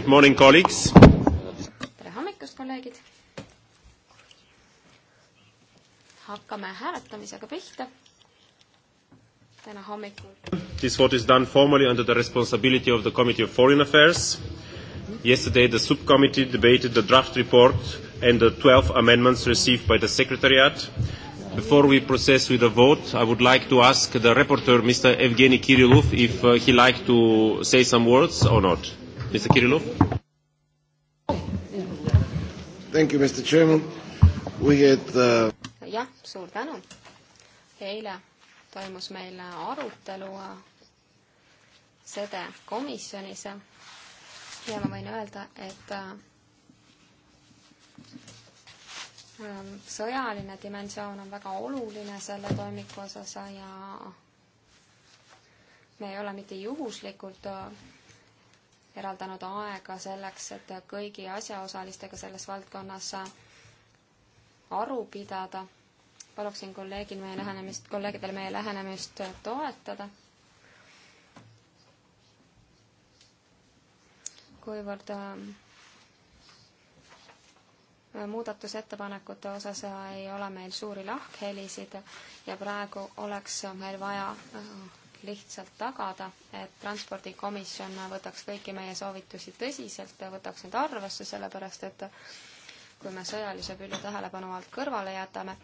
Good morning, colleagues. tere hommikust, kolleegid. hakkame hääletamisega pihta täna hommikul. This vote is done formally under the responsibility of the Committee of Foreign Affairs. Yesterday the subcommittee debated the draft report and the 12 amendments received by the Secretariat. Before we proceed with the vote, I would like to ask the rapporteur, Mr. Evgeny Kirilov, if uh, he like to say some words or not. Mr. Kirillov. Thank you, Mr. Chairman. We had uh... jah, suur tänu. eile toimus meil arutelu äh, sede komisjonis ja ma võin öelda, et äh, ähm, sõjaline dimensioon on väga oluline selle toimiku osas ja me ei ole mitte juhuslikult äh, eraldanud aega selleks, et kõigi asjaosalistega selles valdkonnas aru pidada. paluksin kolleegil meie lähenemist, kolleegidel meie lähenemist toetada. kuivõrd äh, muudatusettepanekute osas ei ole meil suuri lahkhelisid ja praegu oleks meil vaja äh, lihtsalt tagada, et Transpordikomisjon võtaks kõiki meie soovitusi tõsiselt ja võtaks need arvesse, sellepärast et kui me sõjalise külje tähelepanu alt kõrvale jätame,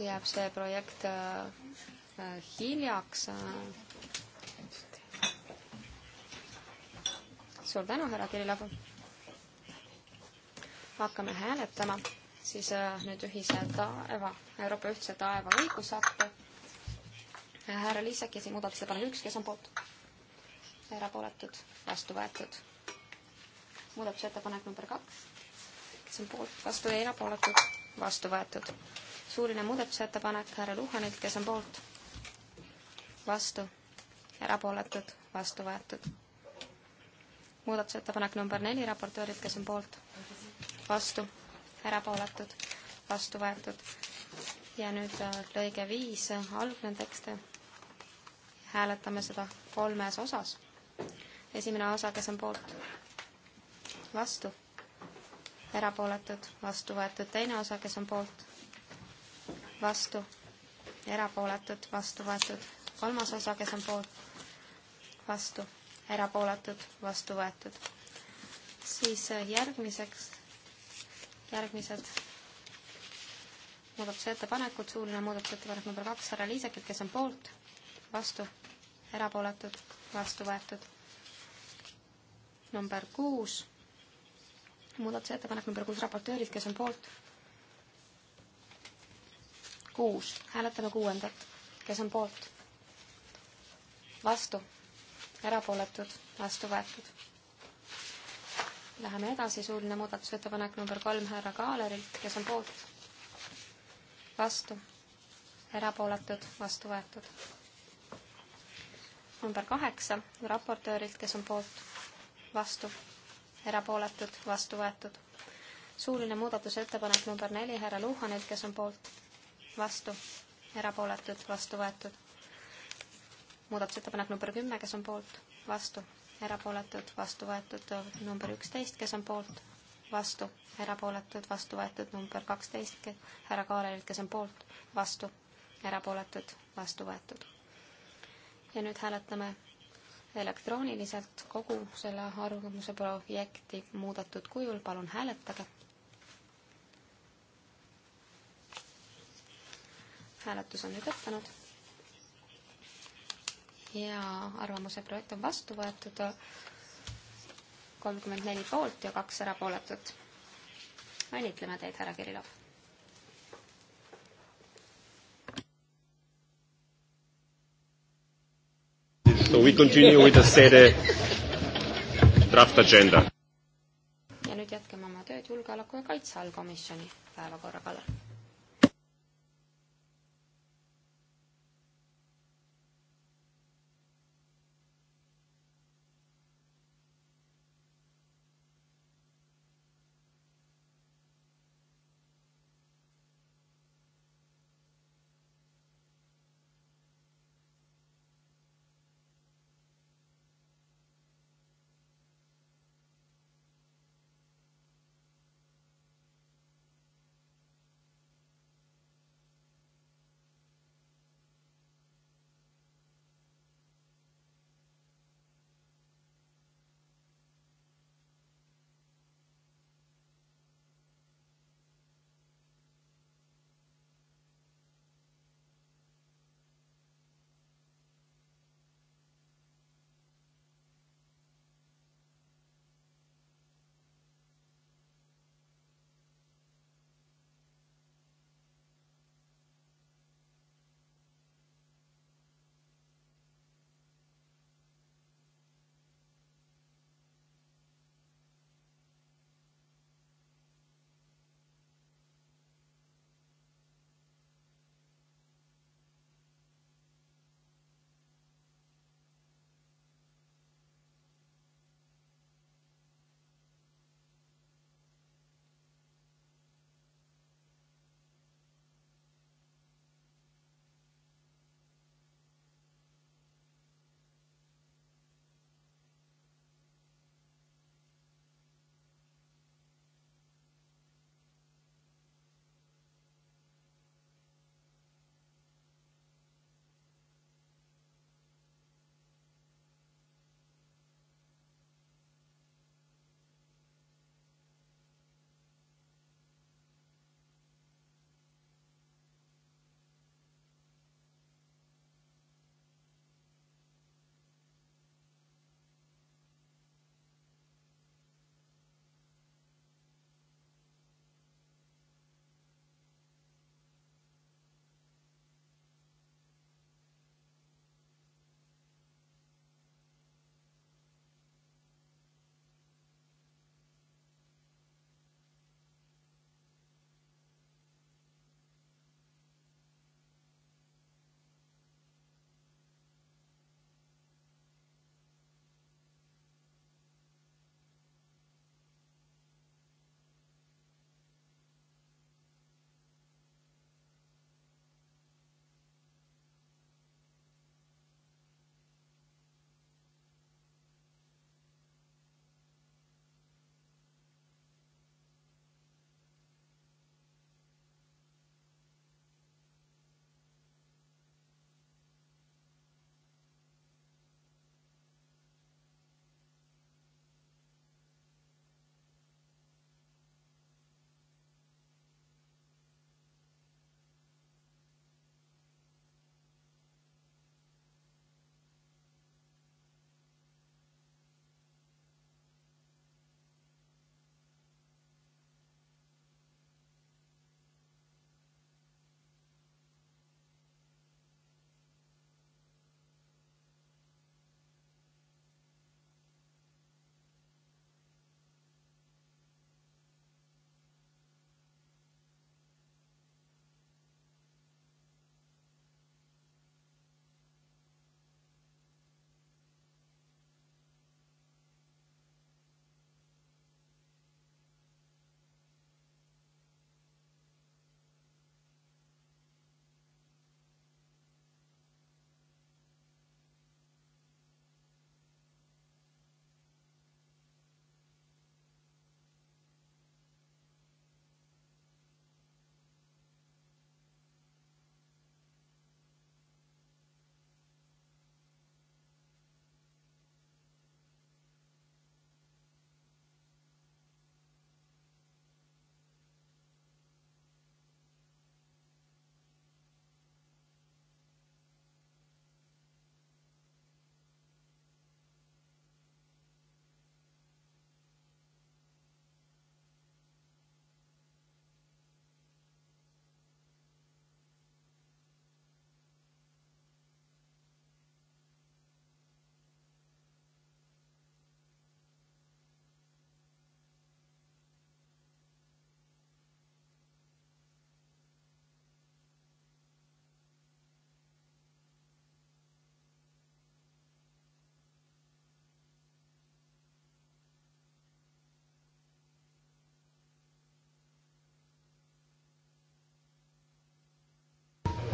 jääb see projekt äh, hiljaks. Äh. suur tänu, härra Kirilov. hakkame hääletama siis äh, nüüd ühise taeva, Euroopa ühtse taeva õigusakti härra Liisak ja siin muudatusettepanek üks, kes on poolt? erapooletud, vastu võetud. muudatusettepanek number kaks, kes on poolt, vastu ja erapooletud, vastu võetud. suuline muudatusettepanek härra Luhanilt, kes on poolt? vastu, erapooletud, vastu võetud muudatusettepanek number neli raportöörid, kes on poolt, vastu, erapooletud, vastu võetud. ja nüüd äh, lõige viis, algne tekst, hääletame seda kolmes osas. esimene osa, kes on poolt, vastu, erapooletud, vastu võetud, teine osa, kes on poolt, vastu, erapooletud, vastu võetud, kolmas osa, kes on poolt, vastu, erapooletud, vastu võetud. siis äh, järgmiseks, järgmised muudatusettepanekud, suuline muudatusettepanek number kaks härra Liisekilt, kes on poolt, vastu erapooletud, vastu võetud. number kuus, muudatusettepanek number kuus raportöörilt, kes on poolt? kuus, hääletame kuuendat, kes on poolt? vastu, erapooletud, vastu võetud. Läheme edasi, suuline muudatusettepanek number kolm härra Kaalerilt, kes on poolt? vastu, erapooletud, vastu võetud number kaheksa raportöörilt, kes on poolt, vastu, erapooletud, vastu võetud. suuline muudatusettepanek number neli härra Luhanilt, kes on poolt, vastu, erapooletud, vastu võetud. muudatusettepanek number kümme, kes on poolt, vastu, erapooletud, vastu võetud. number üksteist, kes on poolt, vastu, erapooletud, vastu võetud. number kaksteist, härra Kaarelilt, kes on poolt, vastu, erapooletud, vastu võetud ja nüüd hääletame elektrooniliselt kogu selle arvamuse projekti muudetud kujul, palun hääletage. hääletus on nüüd lõppenud. ja arvamuse projekt on vastu võetud kolmkümmend neli poolt ja kaks erapooletut. õnnitleme teid, härra Kirillov So we continue with the SEDE draft agenda. ja nüüd jätkame oma tööd julgeoleku ja kaitse allkomisjoni päevakorra kallal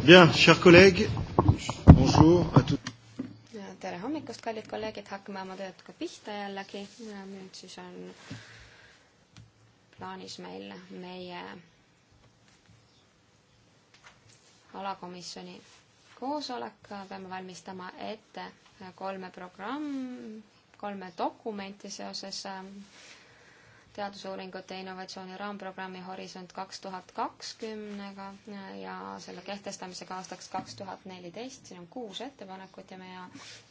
Bien, chers collègues, bonjour à tous. tere hommikust, kallid kolleegid, hakkame oma tööga pihta jällegi ja nüüd siis on plaanis meil meie alakomisjoni koosolek, peame valmistama ette kolme programm, kolme dokumenti seoses teadusuuringute innovatsiooni raamprogrammi Horisont kaks tuhat kakskümnega äh, ja selle kehtestamisega aastaks kaks tuhat neliteist. siin on kuus ettepanekut ja meie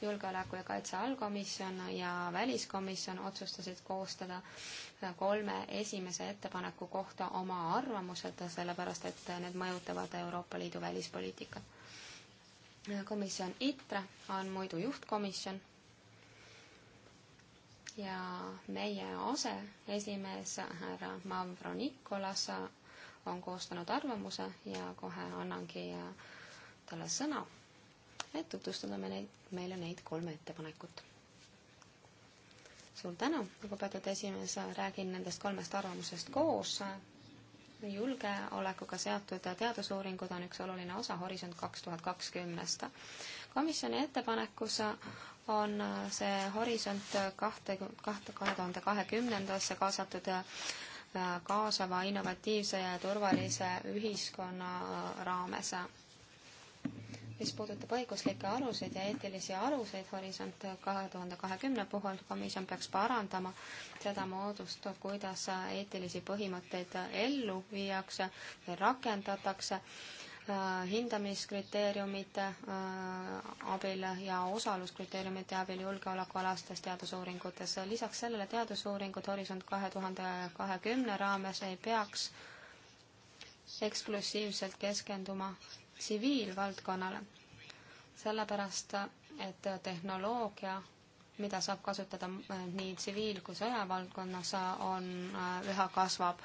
julgeoleku ja kaitse allkomisjon ja väliskomisjon otsustasid koostada äh, kolme esimese ettepaneku kohta oma arvamused, sellepärast et need mõjutavad Euroopa Liidu välispoliitikat. Äh, komisjon ITRE on muidu juhtkomisjon ja meie aseesimees härra Mavro Nikolas on koostanud arvamuse ja kohe annangi talle sõna, et tutvustada me neid, meile neid kolme ettepanekut. suur tänu, lugupeetud esimees, räägin nendest kolmest arvamusest koos. julgeolekuga seotud teadusuuringud on üks oluline osa Horisont kaks tuhat kakskümnest. komisjoni ettepanekus on äh, see horisont kahte, kahte, kahe tuhande kahekümnendasse kaasatud äh, kaasava, innovatiivse ja turvalise ühiskonna äh, raames. mis puudutab õiguslikke aluseid ja eetilisi aluseid Horisont kahe tuhande kahekümne puhul, komisjon peaks parandama seda moodust, kuidas eetilisi põhimõtteid ellu viiakse ja rakendatakse Äh, hindamiskriteeriumite äh, abil ja osaluskriteeriumite abil julgeolekualastes teadusuuringutes. lisaks sellele teadusuuringud Horisont kahe tuhande kahekümne raames ei peaks eksklusiivselt keskenduma tsiviilvaldkonnale, sellepärast et tehnoloogia, mida saab kasutada nii tsiviil- kui sõjavaldkonnas, on, äh, üha kasvab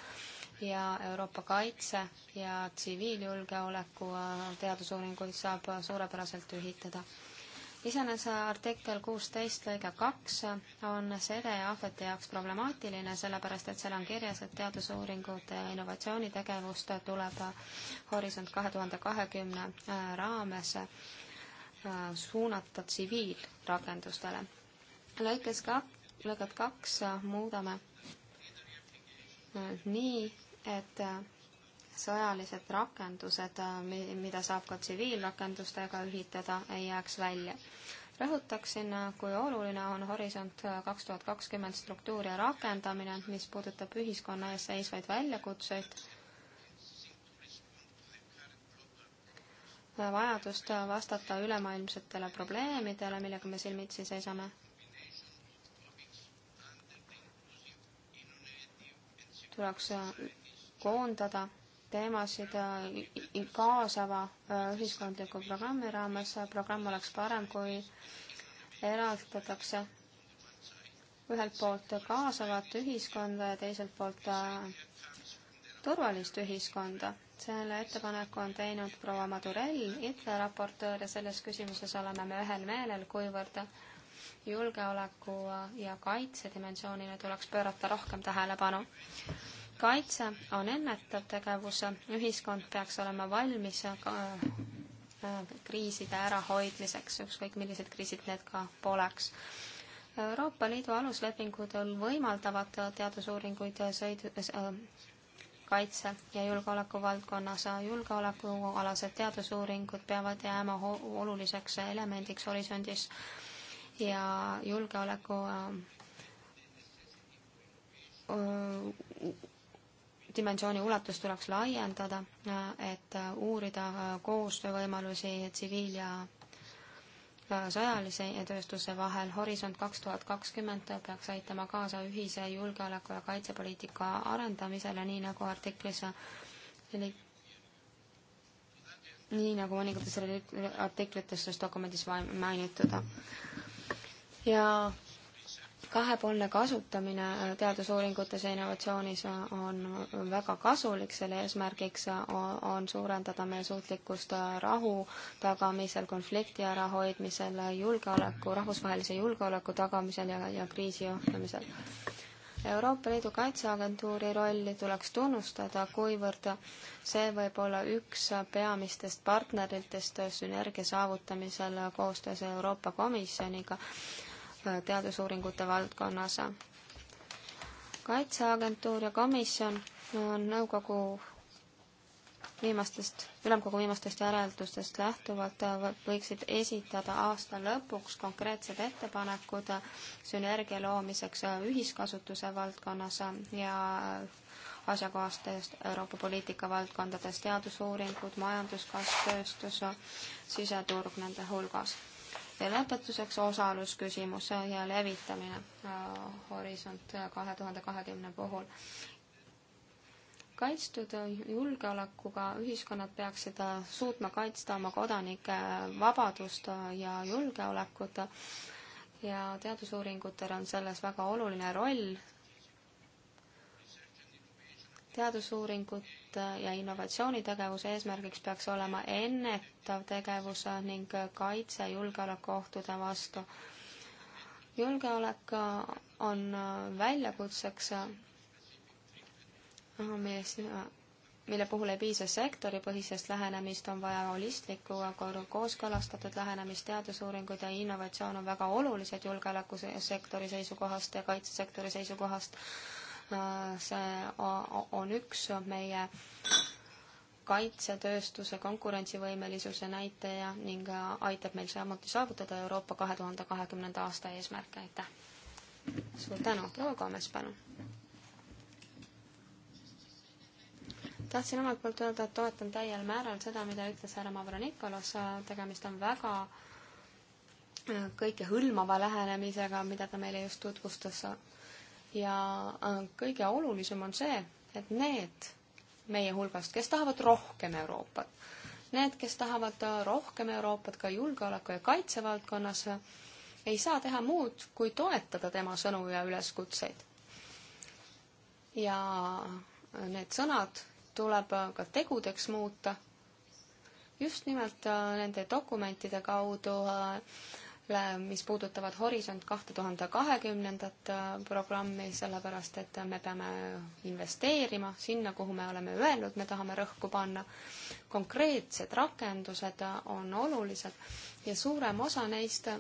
ja Euroopa kaitse ja tsiviiljulgeoleku äh, teadusuuringuid saab suurepäraselt ühitada. iseenesest artikkel kuusteist lõige kaks on sede ja ahvete jaoks problemaatiline, sellepärast et seal on kirjas, et teadusuuringud ja innovatsioonitegevust tuleb Horisont kahe tuhande kahekümne äh, raames äh, suunata tsiviilrakendustele. lõikes kak-, lõiget kaks muudame nii, et äh, sõjalised rakendused, äh, mida saab ka tsiviilrakendustega ühitada, ei jääks välja. rõhutaksin, äh, kui oluline on Horisont kaks tuhat kakskümmend struktuuri rakendamine, mis puudutab ühiskonna ees seisvaid väljakutseid vajadust vastata ülemaailmsetele probleemidele, millega me silmitsi seisame. tuleks koondada teemasid äh, kaasava äh, ühiskondliku programmi raames. programm oleks parem, kui eraldatakse ühelt poolt kaasavat ühiskonda ja teiselt poolt äh, turvalist ühiskonda. selle ettepaneku on teinud proua Madurell, ITLE raportöör ja selles küsimuses oleme me ühel meelel, kuivõrd julgeoleku ja kaitse dimensioonile tuleks pöörata rohkem tähelepanu kaitse on ennetav tegevus, ühiskond peaks olema valmis ka äh, kriiside ärahoidmiseks, ükskõik millised kriisid need ka poleks. Euroopa Liidu aluslepingud võimaldavad teadusuuringuid sõidu, äh, kaitse ja julgeoleku valdkonnas. julgeolekualased teadusuuringud peavad jääma oluliseks elemendiks horisondis ja julgeoleku äh, dimensiooni ulatust tuleks laiendada, et uurida koostöövõimalusi tsiviil- ja sõjalise ja tööstuse vahel. Horisont kaks tuhat kakskümmend peaks aitama kaasa ühise julgeoleku- ja kaitsepoliitika arendamisele, nii nagu artiklis nii nagu mõningates artiklites selles dokumendis mainitud. ja kahepoolne kasutamine teadusuuringutes ja innovatsioonis on väga kasulik, selle eesmärgiks on suurendada meie suutlikkust rahu tagamisel, konflikti ära hoidmisel, julgeoleku, rahvusvahelise julgeoleku tagamisel ja, ja kriisi ohjamisel. Euroopa Liidu Kaitseagentuuri rolli tuleks tunnustada, kuivõrd see võib olla üks peamistest partneritest sünergia saavutamisel koostöös Euroopa Komisjoniga teadusuuringute valdkonnas. kaitseagentuur ja komisjon on nõukogu viimastest, ülemkogu viimastest järeldustest lähtuvalt võiksid esitada aasta lõpuks konkreetsed ettepanekud sünergia loomiseks ühiskasutuse valdkonnas ja asjakohastest Euroopa poliitika valdkondades teadusuuringud, majanduskasv, tööstus, siseturg nende hulgas ja lõpetuseks osalusküsimus ja levitamine äh, Horisont kahe tuhande kahekümne puhul. kaitstud julgeolekuga ühiskonnad peaksid äh, suutma kaitsta oma kodanike äh, vabadust ja julgeolekut ja teadusuuringutel on selles väga oluline roll, teadusuuringute ja innovatsioonitegevuse eesmärgiks peaks olema ennetav tegevus ning kaitse julgeolekuohtude vastu. julgeolek on väljakutseks, mis, mille puhul ei piisa sektoripõhisest lähenemist, on vaja holistlikku, kooskõlastatud lähenemist, teadusuuringud ja innovatsioon on väga olulised julgeolekusektori seisukohast ja kaitsesektori seisukohast see on üks meie kaitsetööstuse konkurentsivõimelisuse näitaja ning aitab meil samuti saavutada Euroopa kahe tuhande kahekümnenda aasta eesmärke, aitäh! suur tänu, proua Koomes, palun! tahtsin omalt poolt öelda, et toetan täiel määral seda, mida ütles härra Mavronikolos, tegemist on väga kõikehõlmava lähenemisega, mida ta meile just tutvustas ja äh, kõige olulisem on see, et need meie hulgast, kes tahavad rohkem Euroopat, need, kes tahavad äh, rohkem Euroopat ka julgeoleku ja kaitse valdkonnas, äh, ei saa teha muud, kui toetada tema sõnu ja üleskutseid. ja need sõnad tuleb ka tegudeks muuta just nimelt nende dokumentide kaudu mis puudutavad Horisont kahte tuhande kahekümnendat äh, programmi, sellepärast et me peame investeerima sinna, kuhu me oleme öelnud, me tahame rõhku panna. konkreetsed rakendused äh, on olulised ja suurem osa neist äh,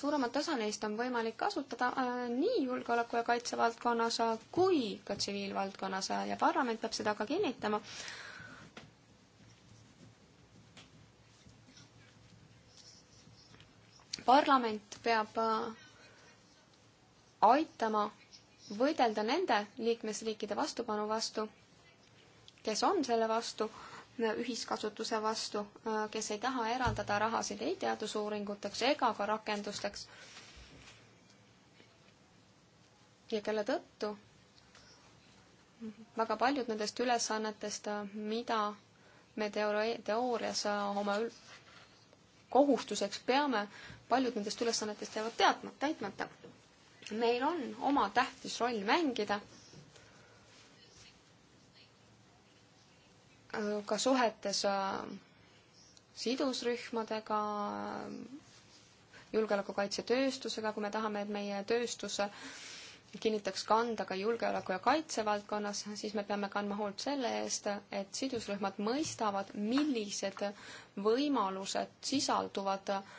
suuremat osa neist on võimalik kasutada nii julgeoleku ja kaitse valdkonnas kui ka tsiviilvaldkonnas ja parlament peab seda ka kinnitama parlament peab äh, aitama võidelda nende liikmesriikide vastupanu vastu, kes on selle vastu, ühiskasutuse vastu, äh, kes ei taha eraldada rahasid ei teadusuuringuteks ega ka rakendusteks. ja kelle tõttu väga paljud nendest ülesannetest, äh, mida me teoorias oma kohustuseks peame, paljud nendest ülesannetest jäävad teadmata, täitmata. meil on oma tähtis roll mängida ka suhetes äh, sidusrühmadega, julgeolekukaitsetööstusega, kui me tahame, et meie tööstus kinnitaks kanda ka julgeoleku- ja kaitsevaldkonnas, siis me peame kandma hoolt selle eest, et sidusrühmad mõistavad, millised võimalused sisalduvad äh,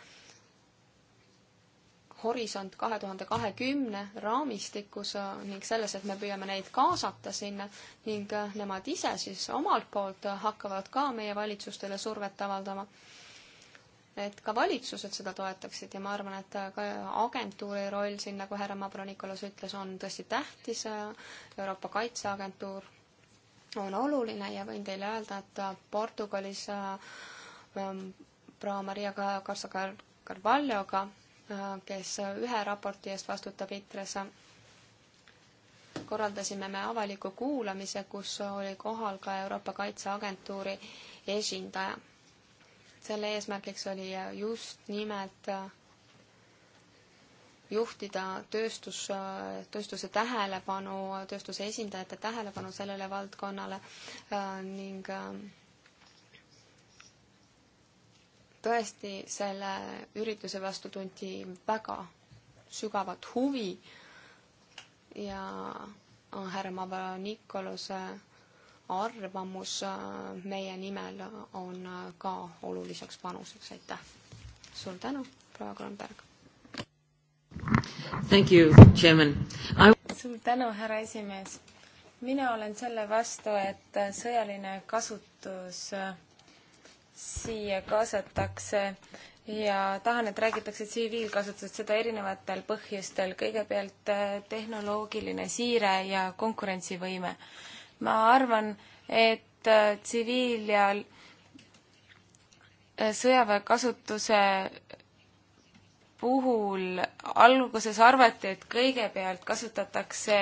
Horisont kahe tuhande kahekümne raamistikus äh, ning selles, et me püüame neid kaasata sinna ning äh, nemad ise siis omalt poolt äh, hakkavad ka meie valitsustele survet avaldama. et ka valitsused seda toetaksid ja ma arvan, et ka agentuuri roll siin, nagu härra Mavronikolas ütles, on tõesti tähtis. Euroopa Kaitseagentuur on oluline ja võin teile öelda, et Portugalis proua ähm, Maria Carsa Carvalhoga kes ühe raporti eest vastutab ITRES, korraldasime me avaliku kuulamise, kus oli kohal ka Euroopa Kaitseagentuuri esindaja. selle eesmärgiks oli just nimelt juhtida tööstus, tööstuse tähelepanu, tööstuse esindajate tähelepanu sellele valdkonnale äh, ning äh, tõesti selle ürituse vastu tunti väga sügavat huvi ja härra Mavro-Nikolose arvamus äh, meie nimel on äh, ka oluliseks panuseks, aitäh. suur tänu, proua Kronberg. Thank you, chairman I.... suur tänu, härra esimees. mina olen selle vastu, et äh, sõjaline kasutus äh, siia kaasatakse ja tahan, et räägitakse tsiviilkasutusest, seda erinevatel põhjustel. kõigepealt äh, tehnoloogiline siire ja konkurentsivõime. ma arvan, et äh, tsiviil- ja äh, sõjaväe kasutuse puhul alguses arvati, et kõigepealt kasutatakse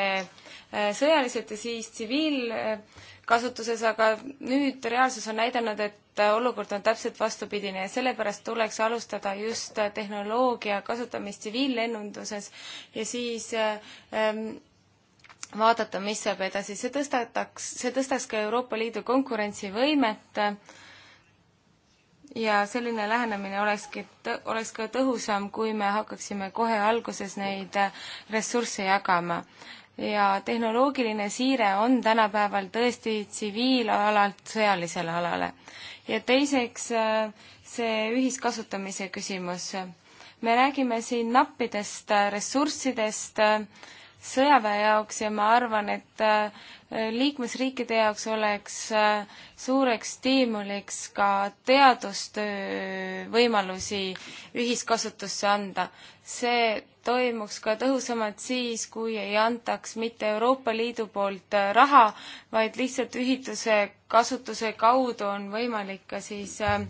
sõjaliselt ja siis tsiviilkasutuses, aga nüüd reaalsus on näidanud, et et olukord on täpselt vastupidine ja sellepärast tuleks alustada just tehnoloogia kasutamist tsiviillennunduses ja siis ähm, vaadata, mis saab edasi. see tõstataks, see tõstaks ka Euroopa Liidu konkurentsivõimet ja selline lähenemine olekski, oleks ka tõhusam, kui me hakkaksime kohe alguses neid ressursse jagama ja tehnoloogiline siire on tänapäeval tõesti tsiviilalalt sõjalisele alale. ja teiseks äh, see ühiskasutamise küsimus. me räägime siin nappidest äh, ressurssidest äh, sõjaväe jaoks ja ma arvan, et äh, liikmesriikide jaoks oleks äh, suureks stiimuliks ka teadustöö võimalusi ühiskasutusse anda. see toimuks ka tõhusamalt siis, kui ei antaks mitte Euroopa Liidu poolt äh, raha, vaid lihtsalt ühituse kasutuse kaudu on võimalik ka siis äh,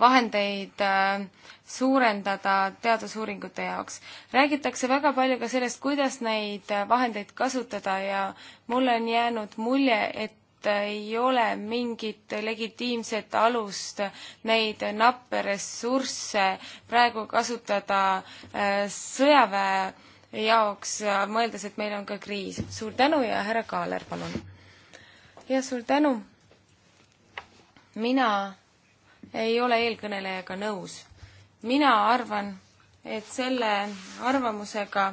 vahendeid äh, suurendada teadusuuringute jaoks. räägitakse väga palju ka sellest, kuidas neid äh, vahendeid kasutada ja mulle on jäänud mulje, et äh, ei ole mingit legitiimset alust neid nappe ressursse praegu kasutada sõjaväe jaoks, mõeldes, et meil on ka kriis. suur tänu ja härra Kaaler, palun! ja suur tänu! mina ei ole eelkõnelejaga nõus. mina arvan, et selle arvamusega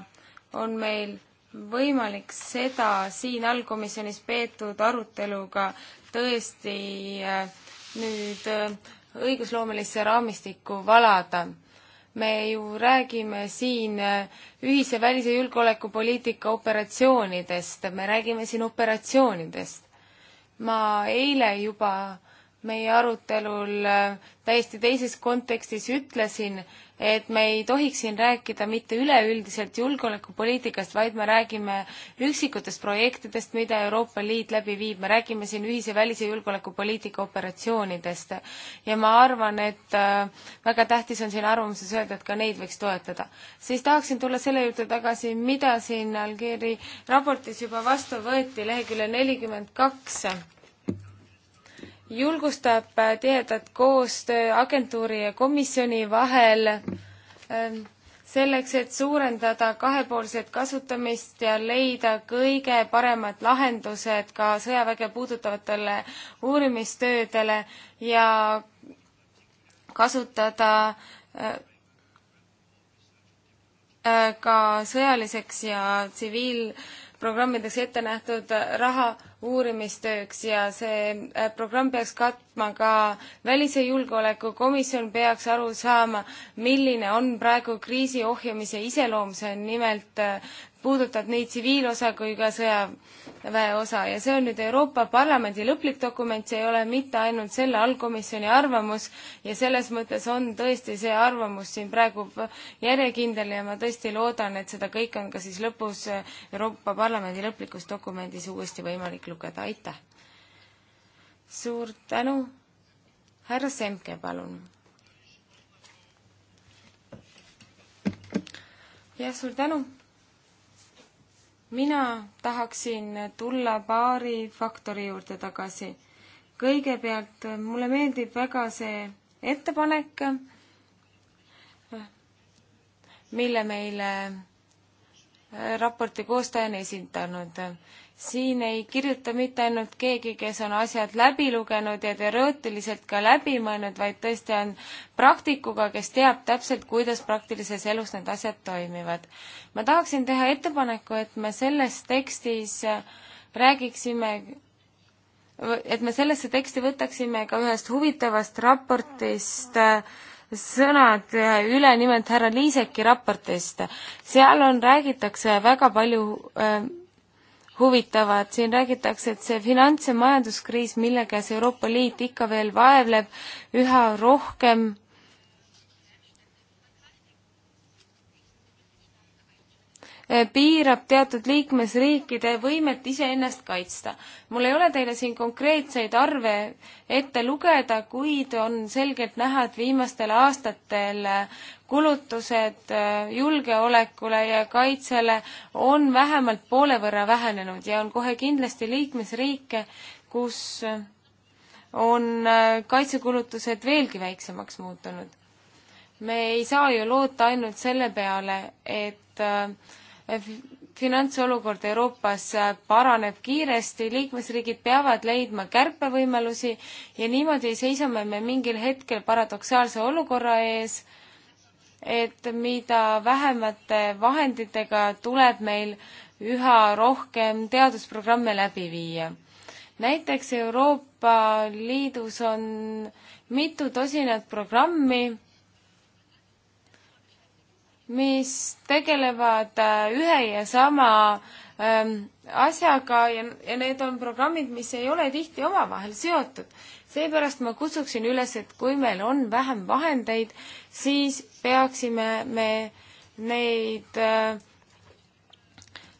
on meil võimalik seda siin allkomisjonis peetud aruteluga tõesti äh, nüüd äh, õigusloomelisse raamistikku valada. me ju räägime siin äh, ühise välis- ja julgeolekupoliitika operatsioonidest, me räägime siin operatsioonidest. ma eile juba meie arutelul äh, täiesti teises kontekstis ütlesin, et me ei tohiks siin rääkida mitte üleüldiselt julgeolekupoliitikast, vaid me räägime üksikutest projektidest, mida Euroopa Liit läbi viib, me räägime siin ühise välis- ja julgeolekupoliitika operatsioonidest. ja ma arvan, et äh, väga tähtis on siin arvamuses öelda, et ka neid võiks toetada. siis tahaksin tulla selle juurde tagasi, mida siin Algeeri raportis juba vastu võeti, leheküljel nelikümmend kaks julgustab tihedat koostöö agentuuri ja komisjoni vahel ähm, selleks, et suurendada kahepoolset kasutamist ja leida kõige paremad lahendused ka sõjaväge puudutavatele uurimistöödele ja kasutada äh, äh, ka sõjaliseks ja tsiviil- programmideks ette nähtud raha uurimistööks ja see äh, programm peaks katma ka välise julgeoleku, komisjon peaks aru saama, milline on praegu kriisi ohjamise iseloom, see on nimelt äh, puudutab nii tsiviilosa kui ka sõjaväe osa ja see on nüüd Euroopa Parlamendi lõplik dokument, see ei ole mitte ainult selle allkomisjoni arvamus ja selles mõttes on tõesti see arvamus siin praegu järjekindel ja ma tõesti loodan, et seda kõike on ka siis lõpus Euroopa Parlamendi lõplikus dokumendis uuesti võimalik lugeda, aitäh! suur tänu, härra Semke, palun! jah, suur tänu! mina tahaksin tulla paari faktori juurde tagasi. kõigepealt mulle meeldib väga see ettepanek, mille meile raporti koostaja on esitanud siin ei kirjuta mitte ainult keegi, kes on asjad läbi lugenud ja teoreetiliselt ka läbi mõelnud, vaid tõesti on praktikuga, kes teab täpselt, kuidas praktilises elus need asjad toimivad. ma tahaksin teha ettepaneku, et me selles tekstis räägiksime et me sellesse teksti võtaksime ka ühest huvitavast raportist äh, sõnad äh, üle nimelt härra Liiseki raportist. seal on, räägitakse väga palju äh, huvitavad. siin räägitakse, et see finants- ja majanduskriis, mille käes Euroopa Liit ikka veel vaevleb, üha rohkem Eh, piirab teatud liikmesriikide võimet iseennast kaitsta. mul ei ole teile siin konkreetseid arve ette lugeda, kuid on selgelt näha, et viimastel aastatel eh, kulutused eh, julgeolekule ja kaitsele on vähemalt poole võrra vähenenud ja on kohe kindlasti liikmesriike, kus on kaitsekulutused veelgi väiksemaks muutunud. me ei saa ju loota ainult selle peale, et äh, finantsolukord Euroopas paraneb kiiresti, liikmesriigid peavad leidma kärpevõimalusi ja niimoodi seisame me mingil hetkel paradoksaalse olukorra ees, et mida vähemate vahenditega tuleb meil üha rohkem teadusprogramme läbi viia. näiteks Euroopa Liidus on mitu tosinat programmi, mis tegelevad äh, ühe ja sama ähm, asjaga ja, ja need on programmid, mis ei ole tihti omavahel seotud. seepärast ma kutsuksin üles, et kui meil on vähem vahendeid, siis peaksime me neid äh,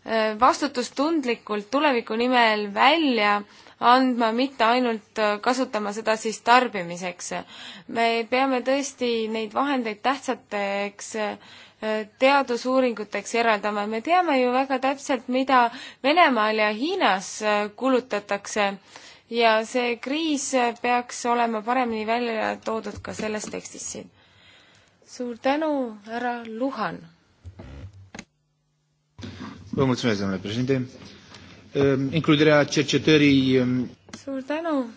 äh vastutustundlikult tuleviku nimel välja andma, mitte ainult äh, kasutama seda siis tarbimiseks. me peame tõesti neid vahendeid tähtsateks teadusuuringuteks eraldama, me teame ju väga täpselt, mida Venemaal ja Hiinas äh, kulutatakse ja see kriis äh, peaks olema paremini välja toodud ka selles tekstis siin. suur tänu, härra Luhan! Vă mulțumesc, domnule președinte. Ehm, includerea cercetării... Ehm, suur tänu,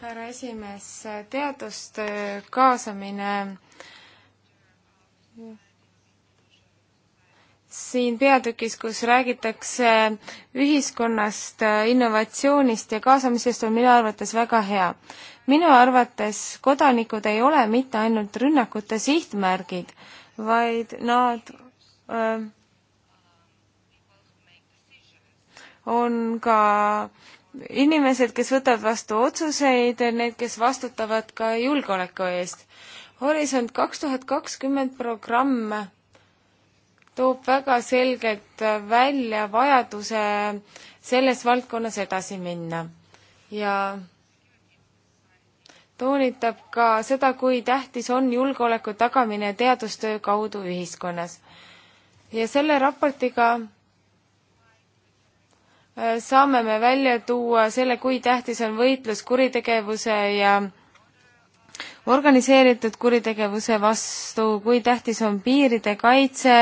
härra esimees. Teaduste kaasamine siin peatükis, kus räägitakse ühiskonnast, innovatsioonist ja kaasamisest, on minu arvates väga hea. minu arvates kodanikud ei ole mitte ainult rünnakute sihtmärgid, vaid nad öö, ähm, on ka inimesed, kes võtavad vastu otsuseid, need, kes vastutavad ka julgeoleku eest. Horisont kaks tuhat kakskümmend programm toob väga selgelt välja vajaduse selles valdkonnas edasi minna ja toonitab ka seda, kui tähtis on julgeoleku tagamine teadustöö kaudu ühiskonnas. ja selle raportiga äh, saame me välja tuua selle, kui tähtis on võitlus kuritegevuse ja organiseeritud kuritegevuse vastu, kui tähtis on piiride kaitse,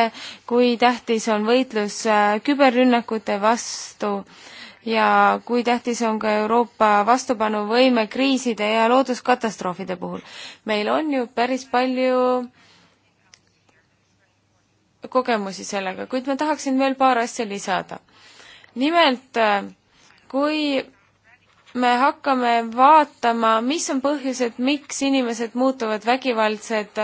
kui tähtis on võitlus äh, küberrünnakute vastu ja kui tähtis on ka Euroopa vastupanuvõime kriiside ja looduskatastroofide puhul. meil on ju päris palju kogemusi sellega, kuid ma tahaksin veel paar asja lisada. nimelt, äh, kui me hakkame vaatama, mis on põhjused, miks inimesed muutuvad vägivaldsed,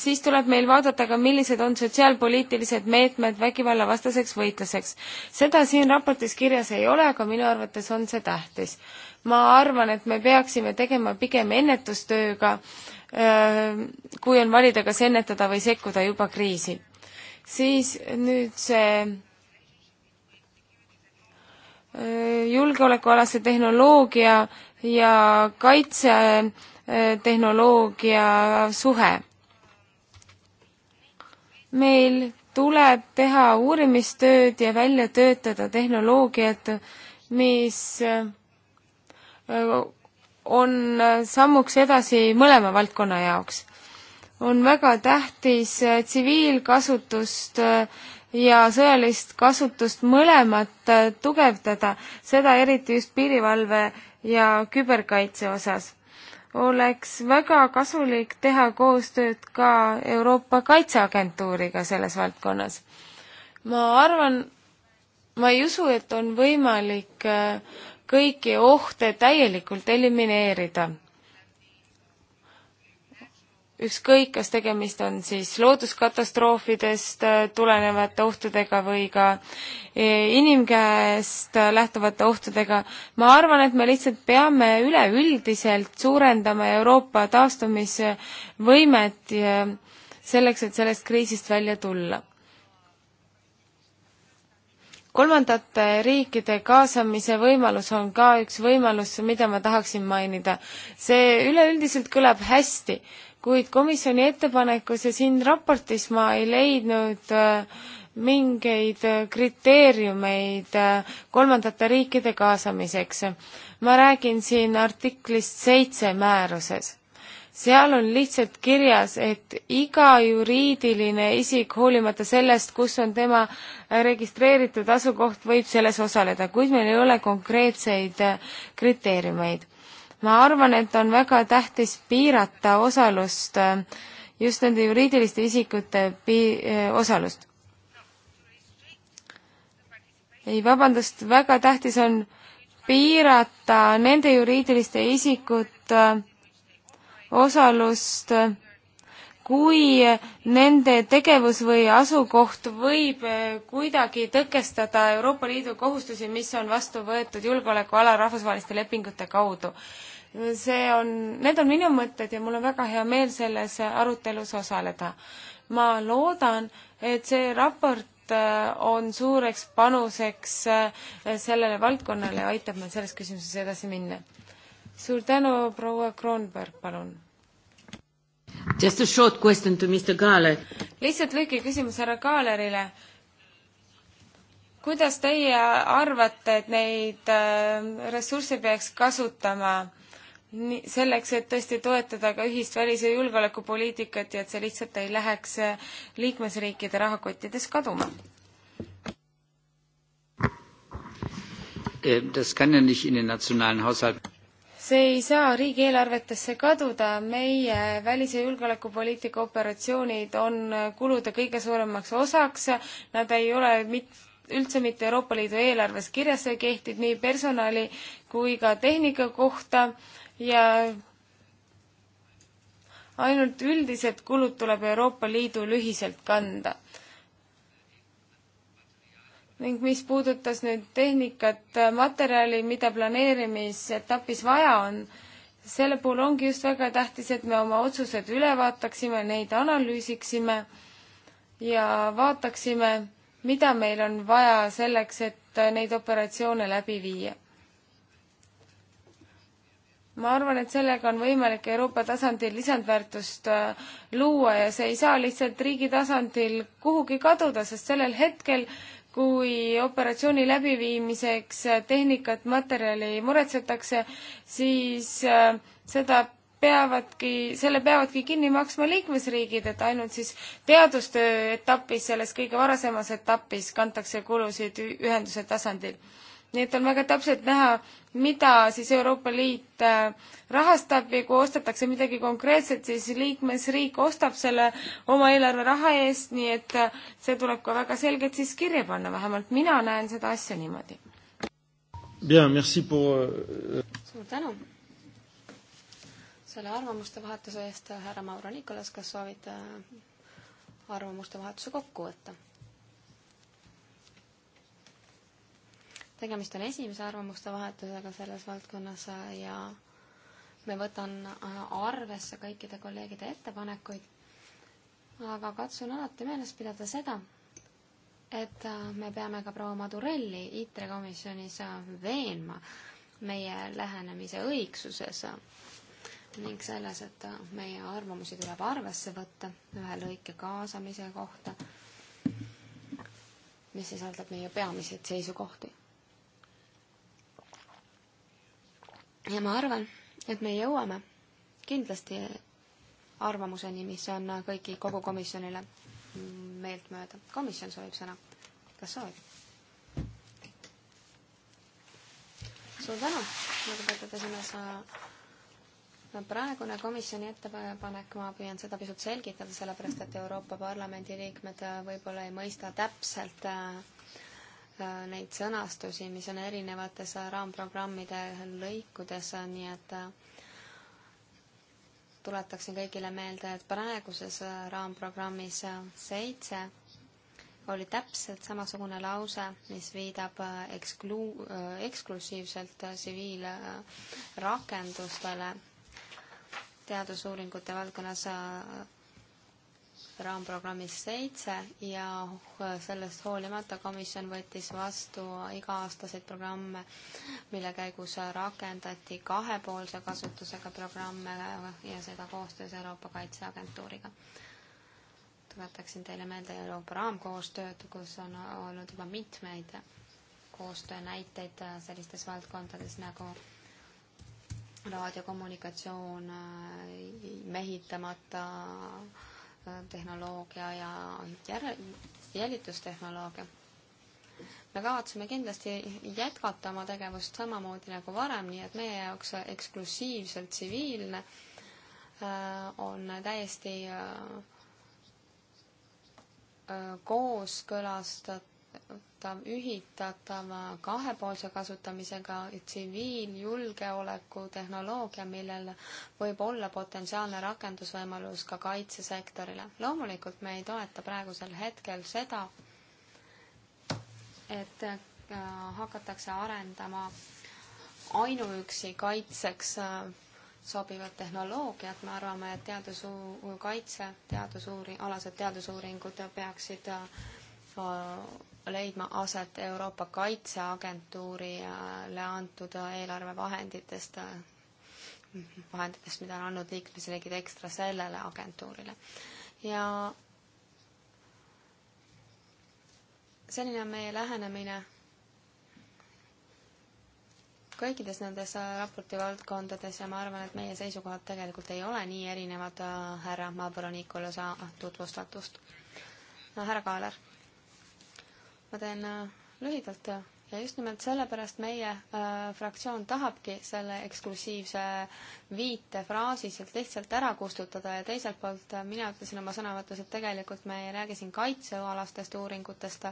siis tuleb meil vaadata ka, millised on sotsiaalpoliitilised meetmed vägivallavastaseks võitluseks. seda siin raportis kirjas ei ole, aga minu arvates on see tähtis. ma arvan, et me peaksime tegema pigem ennetustööga, äh, kui on valida, kas ennetada või sekkuda juba kriisi. siis nüüd see julgeolekualase tehnoloogia ja kaitsetehnoloogia suhe. meil tuleb teha uurimistööd ja välja töötada tehnoloogiad, mis äh, on sammuks edasi mõlema valdkonna jaoks on väga tähtis äh, tsiviilkasutust äh, ja sõjalist kasutust mõlemat äh, tugevdada, seda eriti just piirivalve ja küberkaitse osas. oleks väga kasulik teha koostööd ka Euroopa Kaitseagentuuriga selles valdkonnas. ma arvan, ma ei usu, et on võimalik äh, kõiki ohte täielikult elimineerida ükskõik, kas tegemist on siis looduskatastroofidest äh, tulenevate ohtudega või ka e, inimkäest äh, lähtuvate ohtudega. ma arvan, et me lihtsalt peame üleüldiselt suurendama Euroopa taastumisvõimet selleks, et sellest kriisist välja tulla. kolmandate riikide kaasamise võimalus on ka üks võimalus, mida ma tahaksin mainida. see üleüldiselt kõlab hästi kuid komisjoni ettepanekus ja siin raportis ma ei leidnud äh, mingeid äh, kriteeriumeid äh, kolmandate riikide kaasamiseks. ma räägin siin artiklist seitse määruses. seal on lihtsalt kirjas, et iga juriidiline isik, hoolimata sellest, kus on tema registreeritud asukoht, võib selles osaleda, kuid meil ei ole konkreetseid kriteeriumeid ma arvan, et on väga tähtis piirata osalust, äh, just nende juriidiliste isikute pi-, äh, osalust. ei, vabandust, väga tähtis on piirata nende juriidiliste isikute äh, osalust äh, kui nende tegevus või asukoht võib eh, kuidagi tõkestada Euroopa Liidu kohustusi, mis on vastu võetud julgeolekuala rahvusvaheliste lepingute kaudu. see on, need on minu mõtted ja mul on väga hea meel selles arutelus osaleda. ma loodan, et see raport eh, on suureks panuseks eh, sellele valdkonnale ja aitab meil selles küsimuses edasi minna. suur tänu, proua Kroonberg, palun Just a short question to Mr Kaaler. lihtsalt lühike küsimus härra Kaalerile. kuidas teie arvate, et neid äh, ressursse peaks kasutama nii, selleks, et tõesti toetada ka ühist välis- ja julgeolekupoliitikat ja et see lihtsalt ei läheks äh, liikmesriikide rahakottides kaduma? Äh, das kann ja nicht in den nationalen Haushalt see ei saa riigieelarvetesse kaduda, meie välis- ja julgeolekupoliitika operatsioonid on kulude kõige suuremaks osaks, nad ei ole mit-, üldse mitte Euroopa Liidu eelarves kirjas, see kehtib nii personali kui ka tehnika kohta ja ainult üldised kulud tuleb Euroopa Liidul ühiselt kanda ning mis puudutas nüüd tehnikat, äh, materjali, mida planeerimisetapis vaja on, selle puhul ongi just väga tähtis, et me oma otsused üle vaataksime, neid analüüsiksime ja vaataksime, mida meil on vaja selleks, et äh, neid operatsioone läbi viia. ma arvan, et sellega on võimalik Euroopa tasandil lisandväärtust äh, luua ja see ei saa lihtsalt riigi tasandil kuhugi kaduda, sest sellel hetkel kui operatsiooni läbiviimiseks tehnikat, materjali muretsetakse, siis äh, seda peavadki, selle peavadki kinni maksma liikmesriigid, et ainult siis teadustöö etapis, selles kõige varasemas etapis kantakse kulusid ühenduse tasandil nii et on väga täpselt näha, mida siis Euroopa Liit äh, rahastab ja kui ostetakse midagi konkreetset, siis liikmesriik ostab selle oma eelarve raha eest, nii et äh, see tuleb ka väga selgelt siis kirja panna, vähemalt mina näen seda asja niimoodi. Pour... Euh, euh, suur tänu selle arvamuste vahetuse eest, härra Mauro Nikolas, kas soovite äh, arvamuste vahetuse kokku võtta? tegemist on esimese arvamuste vahetusega selles valdkonnas ja me võtan äh, arvesse kõikide kolleegide ettepanekuid, aga katsun alati meeles pidada seda, et äh, me peame ka proua Madurelli ITRE komisjonis äh, veenma meie lähenemise õigsuses ning selles, et meie arvamusi tuleb arvesse võtta ühe lõike kaasamise kohta, mis sisaldab meie peamiseid seisukohti. ja ma arvan, et me jõuame kindlasti arvamuseni, mis on kõigi, kogu komisjonile meeltmööda. komisjon soovib sõna. kas soovib? suur tänu, lugupeetud esimees. no praegune komisjoni ettepanek, ma püüan seda pisut selgitada, sellepärast et Euroopa Parlamendi liikmed võib-olla ei mõista täpselt äh, Äh, neid sõnastusi, mis on erinevates äh, raamprogrammide lõikudes, äh, nii et tuletaksin kõigile meelde, et praeguses raamprogrammis seitse oli täpselt samasugune lause, mis viidab eksklu-, eksklusiivselt tsiviilrakendustele teadusuuringute valdkonnas raamprogrammis seitse ja sellest hoolimata komisjon võttis vastu iga-aastaseid programme, mille käigus rakendati kahepoolse kasutusega programme ja seda koostöös Euroopa Kaitseagentuuriga. tuletaksin teile meelde Euroopa raamkoostööd, kus on olnud juba mitmeid koostöönäiteid sellistes valdkondades nagu raadiokommunikatsioon, mehitamata tehnoloogia ja järel, jälitustehnoloogia. me kavatseme kindlasti jätkata oma tegevust samamoodi nagu varem, nii et meie jaoks eksklusiivselt tsiviilne äh, on täiesti äh, äh, kooskõlastat-, ühitatama kahepoolse kasutamisega tsiviiljulgeoleku tehnoloogia, millel võib olla potentsiaalne rakendusvõimalus ka kaitsesektorile. loomulikult me ei toeta praegusel hetkel seda, et äh, hakatakse arendama ainuüksi kaitseks äh, sobivat tehnoloogiat, me arvame, et teadusu-, kaitse, teadusuuri-, alased teadusuuringud peaksid äh, leidma aset Euroopa Kaitseagentuurile antud eelarvevahenditest, vahenditest, mida on andnud liikmesriigid ekstra sellele agentuurile. ja selline on meie lähenemine kõikides nendes raporti valdkondades ja ma arvan, et meie seisukohad tegelikult ei ole nii erinevad härra Mavro Nikolosa tutvustatust. no härra Kaaler ma teen äh, lühidalt ja just nimelt sellepärast meie äh, fraktsioon tahabki selle eksklusiivse viite fraasi sealt lihtsalt ära kustutada ja teiselt poolt äh, mina ütlesin oma sõnavõtus, et tegelikult me ei räägi siin kaitsealastest uuringutest,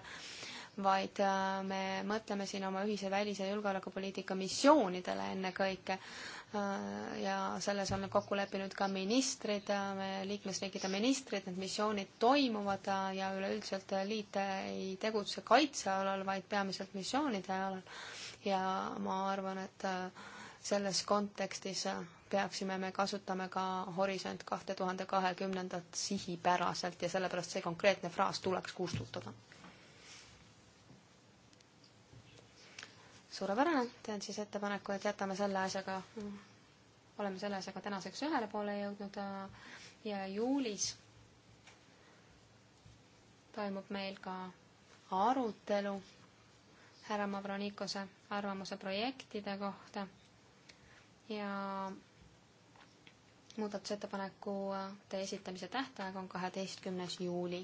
vaid äh, me mõtleme siin oma ühise välis- ja julgeolekupoliitika missioonidele ennekõike äh, Äh, ja selles on kokku leppinud ka ministrid, äh, liikmesriikide ministrid, need missioonid toimuvad äh, ja üleüldiselt liit ei tegutse kaitsealal, vaid peamiselt missioonide alal. ja ma arvan, et selles kontekstis peaksime me kasutama ka Horisont kahte tuhande kahekümnendat sihipäraselt ja sellepärast see konkreetne fraas tuleks kustutada suurepärane, teen siis ettepaneku, et jätame selle asjaga, oleme selle asjaga tänaseks ühele poole jõudnud äh, ja juulis toimub meil ka arutelu härra Mavronikose arvamuse projektide kohta ja muudatusettepanekute äh, esitamise tähtaeg on kaheteistkümnes juuli.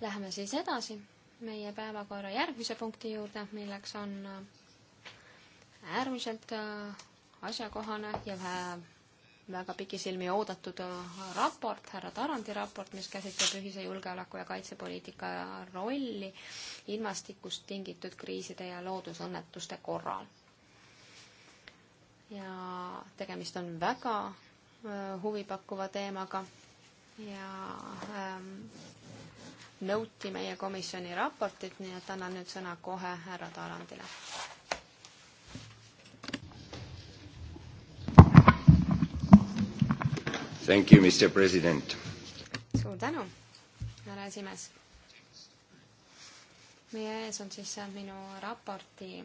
Läheme siis edasi meie päevakorra järgmise punkti juurde, milleks on äh, äärmiselt äh, asjakohane ja väga pikisilmi oodatud äh, raport, härra Tarandi raport, mis käsitleb ühise julgeoleku- ja kaitsepoliitika rolli ilmastikust tingitud kriiside ja loodusõnnetuste korral. ja tegemist on väga huvipakkuva teemaga ja ähm, nõuti meie komisjoni raportit, nii et annan nüüd sõna kohe härra Tarandile. Thank you, Mr President. suur tänu, härra esimees. meie ees on siis minu raporti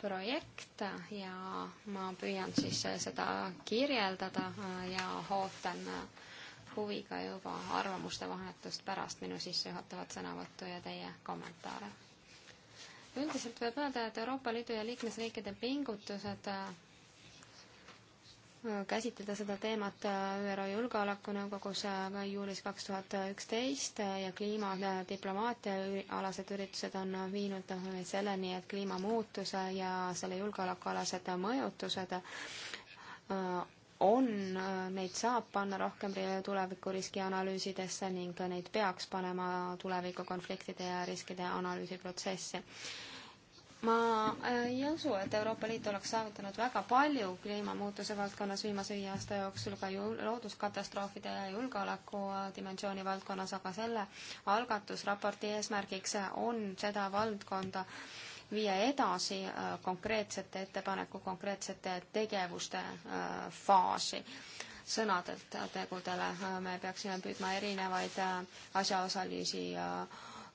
projekt ja ma püüan siis seda kirjeldada ja ootan äh, huviga juba arvamuste vahetust pärast minu sissejuhatavat sõnavõttu ja teie kommentaare. üldiselt võib öelda, et Euroopa Liidu ja liikmesriikide pingutused äh, käsitleda seda teemat äh, ÜRO Julgeolekunõukogus äh, juulis kaks tuhat üksteist ja kliimadiplomaatia alased üritused on viinud selleni, et kliimamuutuse ja selle julgeolekualased mõjutused on, neid äh, saab panna rohkem tulevikuriski analüüsidesse ning neid peaks panema tulevikukonfliktide ja riskide analüüsi protsessi ma äh, ei usu, et Euroopa Liit oleks saavutanud väga palju kliimamuutuse valdkonnas viimase viie aasta jooksul ka ju looduskatastroofide ja julgeoleku äh, dimensiooni valdkonnas, aga selle algatusraporti eesmärgiks on seda valdkonda äh, viia edasi äh, konkreetsete ettepaneku, konkreetsete tegevuste äh, faasi sõnadelt tegudele. Äh, me peaksime püüdma erinevaid asjaosalisi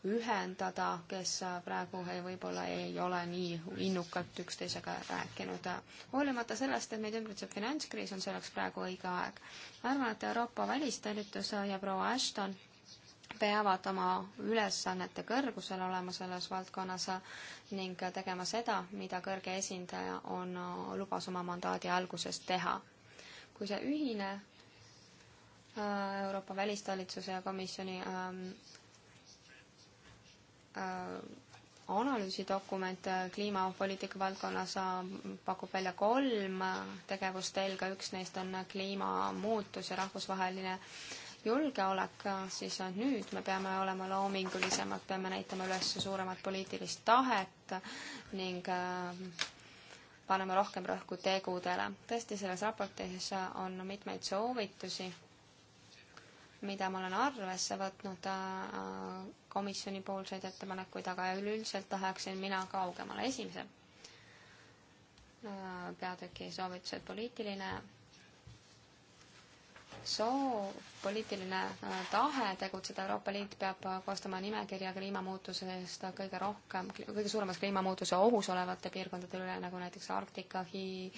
ühendada, kes praegu ei, võib-olla ei ole nii innukalt üksteisega rääkinud. hoolimata sellest, et meid ümbritseb finantskriis, on selleks praegu õige aeg. ma arvan, et Euroopa välistellitus ja proua Ashton peavad oma ülesannete kõrgusel olema selles valdkonnas ning tegema seda, mida kõrge esindaja on, lubas oma mandaadi alguses teha. kui see ühine äh, Euroopa Välistalituse ja komisjoni ähm, äh, analüüsidokument äh, kliimapoliitika valdkonnas pakub välja kolm tegevuste helga, üks neist on kliimamuutus ja rahvusvaheline äh, julgeolek, siis nüüd me peame olema loomingulisemad, peame näitama üles suuremat poliitilist tahet ning äh, panema rohkem rõhku tegudele. tõesti, selles raportis on mitmeid soovitusi, mida ma olen arvesse võtnud äh, komisjonipoolseid ettepanekuid, aga üleüldiselt tahaksin mina kaugemale. esimese äh, peatüki soovitused poliitiline soov, poliitiline äh, tahe tegutseda, Euroopa Liit peab koostama nimekirja kliimamuutusest kõige rohkem, kõige suuremas kliimamuutuse ohus olevate piirkondade üle, nagu näiteks Arktika, Hi-,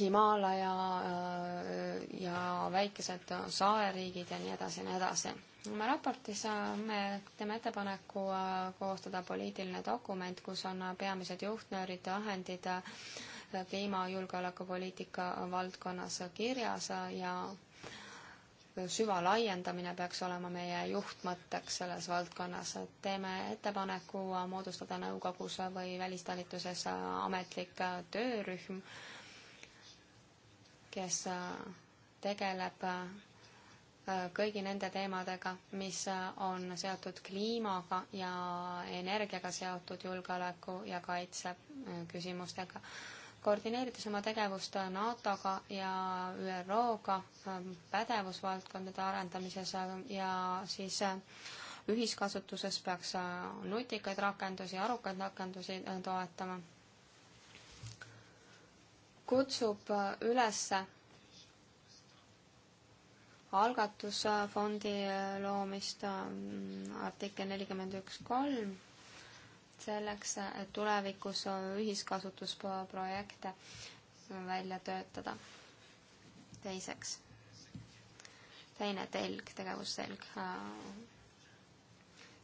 Himaalaja äh, ja väikesed saareriigid ja nii edasi ja nii edasi. oma raportis äh, me teeme ettepaneku koostada poliitiline dokument, kus on peamised juhtnöörid, vahendid, kliimajulgeolekupoliitika valdkonnas kirjas ja süvalaiendamine peaks olema meie juhtmõtteks selles valdkonnas. teeme ettepaneku moodustada nõukogus või välistalitluses ametlik töörühm, kes tegeleb kõigi nende teemadega, mis on seotud kliimaga ja energiaga seotud julgeoleku ja kaitse küsimustega koordineerides oma tegevust NATO-ga ja ÜRO-ga ähm, pädevusvaldkondade arendamises ähm, ja siis äh, ühiskasutuses peaks äh, nutikaid rakendusi, arukaid rakendusi äh, toetama. kutsub üles algatusfondi loomist ähm, artikkel nelikümmend üks kolm selleks, et tulevikus ühiskasutusprojekte välja töötada. teiseks, teine telg, tegevustelg, äh,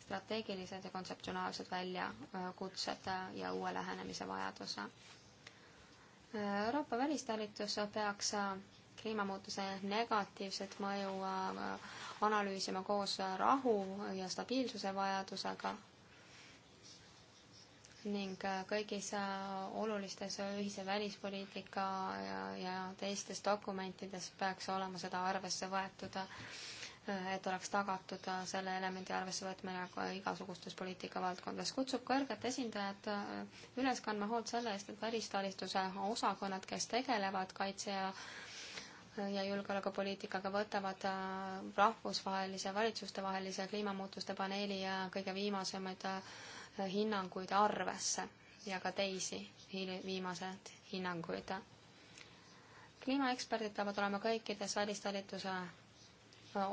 strateegilised ja kontseptsionaalsed väljakutsed ja uue lähenemise vajadus. Euroopa välistalitus peaks kliimamuutuse negatiivset mõju äh, analüüsima koos rahu ja stabiilsuse vajadusega ning äh, kõigis äh, olulistes äh, ühise välispoliitika ja, ja teistes dokumentides peaks olema seda arvesse võetud, et oleks tagatud selle elemendi arvessevõtmine ka igasugustes poliitikavaldkondades. kutsub kõrget esindajat üles kandma hoolt selle eest, et välistalituse osakonnad, kes tegelevad kaitse ja ja julgeolekupoliitikaga võtavad rahvusvahelise valitsustevahelise kliimamuutuste paneeli ja kõige viimasemaid hinnanguid arvesse ja ka teisi viimaseid hinnanguid. kliimaeksperdid peavad olema kõikides välistalituse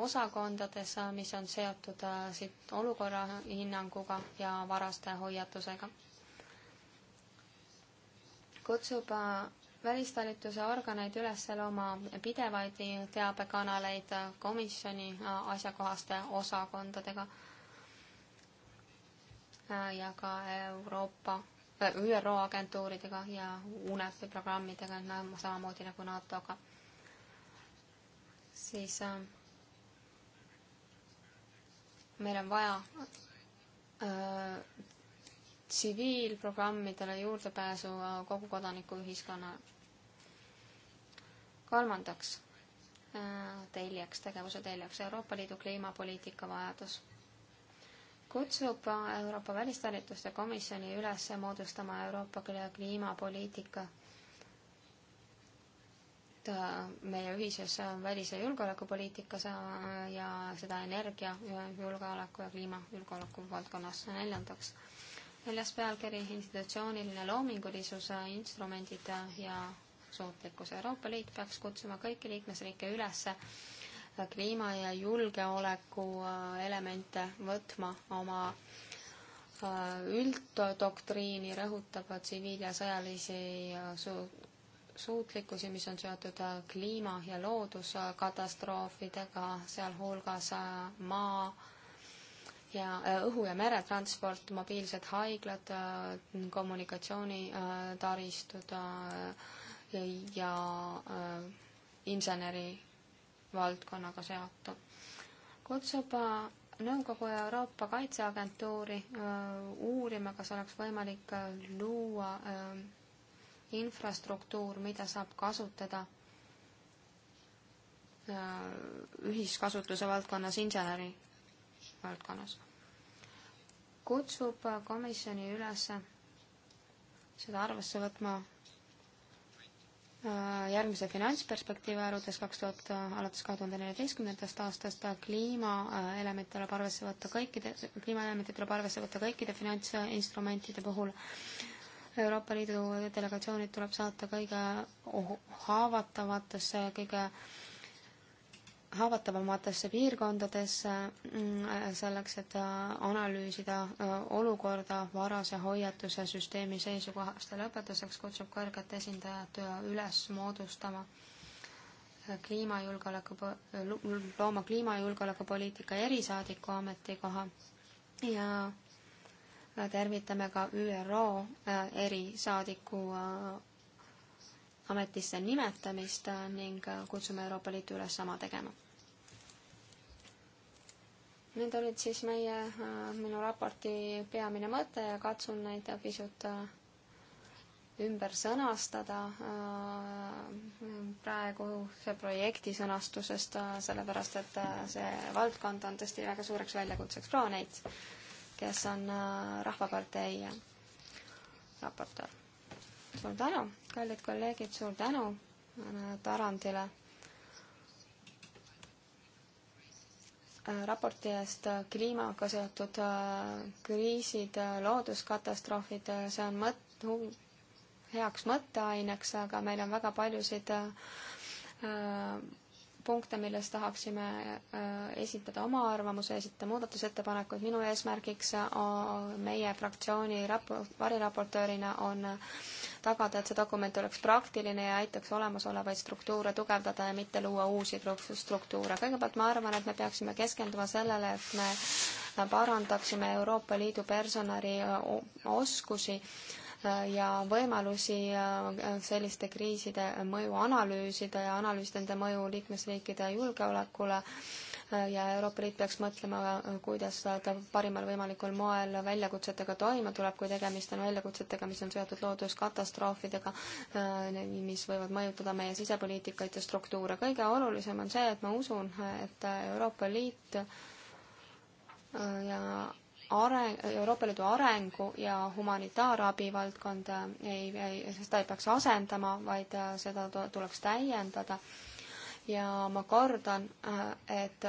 osakondades, mis on seotud siit olukorra hinnanguga ja varaste hoiatusega. kutsub välistalituse organeid üles looma pidevaid teabekanaleid komisjoni asjakohaste osakondadega Äh, ja ka Euroopa, äh, ÜRO agentuuridega ja UNEF-i programmidega, samamoodi nagu NATO-ga. siis äh, meil on vaja tsiviilprogrammidele juurdepääsu kogu kodanikuühiskonnale. kolmandaks, teljeks, tegevuse teljeks, Euroopa Liidu kliimapoliitika vajadus kutsub Euroopa Välistalitluse Komisjoni üles moodustama Euroopa kliimapoliitika meie ühises välis- ja julgeolekupoliitikas äh, ja seda energia, julgeoleku ja kliimajulgeoleku valdkonnas neljandaks. neljas pealkiri institutsiooniline loomingulisus, äh, instrumendid äh, ja suutlikkus. Euroopa Liit peaks kutsuma kõiki liikmesriike üles kliima ja julgeoleku äh, elemente võtma oma äh, ülddoktriini, rõhutab tsiviil- ja sõjalisi äh, su-, suutlikkusi, mis on seotud kliima- ja looduskatastroofidega, sealhulgas maa ja õhu- ja meretransport, mobiilsed haiglad, kommunikatsioonitaristud ja inseneri valdkonnaga seotud. kutsub Nõukogu ja Euroopa Kaitseagentuuri äh, uurima, kas oleks võimalik äh, luua äh, infrastruktuur, mida saab kasutada ühiskasutuse valdkonnas, inseneri valdkonnas. kutsub komisjoni üles seda arvesse võtma Äh, järgmise finantsperspektiivi arvates kaks tuhat, äh, alates kahe tuhande neljateistkümnendast aastast äh, kliimaelement tuleb arvesse võtta kõikide, kliimaelemente tuleb arvesse võtta kõikide finantsinstrumentide puhul. Euroopa Liidu delegatsioonid tuleb saata kõige haavatavatesse, kõige äh, haavatavamatesse piirkondadesse mm, selleks, et äh, analüüsida äh, olukorda varase hoiatuse süsteemi seisukohast ja lõpetuseks kutsub kõrget esindajat äh, üles moodustama kliimajulgeoleku, looma kliimajulgeolekupoliitika erisaadiku ametikoha ja tervitame ka ÜRO erisaadiku ametisse nimetamist ning kutsume Euroopa Liitu üles sama tegema Need olid siis meie, äh, minu raporti peamine mõte ja katsun neid pisut äh, ümber sõnastada äh, praegu see projekti sõnastusest, sellepärast et see valdkond on tõesti väga suureks väljakutseks. proua Neits, kes on Rahvapartei raportöör. suur tänu, kallid kolleegid, suur tänu Tarandile raporti eest äh, kliimaga seotud äh, kriisid, äh, looduskatastroofid, see on mõt-, heaks mõtteaineks, aga meil on väga paljusid punkte, milles tahaksime äh, esitada oma arvamuse, esitada muudatusettepanekuid. minu eesmärgiks äh, meie fraktsiooni rapo-, variraportöörina on äh, tagada, et see dokument oleks praktiline ja aitaks olemasolevaid struktuure tugevdada ja mitte luua uusi struktuure. kõigepealt ma arvan, et me peaksime keskenduma sellele, et me parandaksime Euroopa Liidu personali oskusi Äh, ja võimalusi äh, selliste kriiside mõju analüüsida ja analüüsida nende mõju liikmesriikide julgeolekule äh, ja Euroopa Liit peaks mõtlema, kuidas ta parimal võimalikul moel väljakutsetega toime tuleb, kui tegemist on väljakutsetega, mis on seotud looduskatastroofidega, mis võivad mõjutada meie sisepoliitikaid ja struktuure. kõige olulisem on see, et ma usun, et Euroopa Liit ja areng, Euroopa Liidu arengu ja humanitaarabi valdkonda äh, ei, ei, seda ei peaks asendama, vaid äh, seda tuleks täiendada. ja ma kordan, äh, et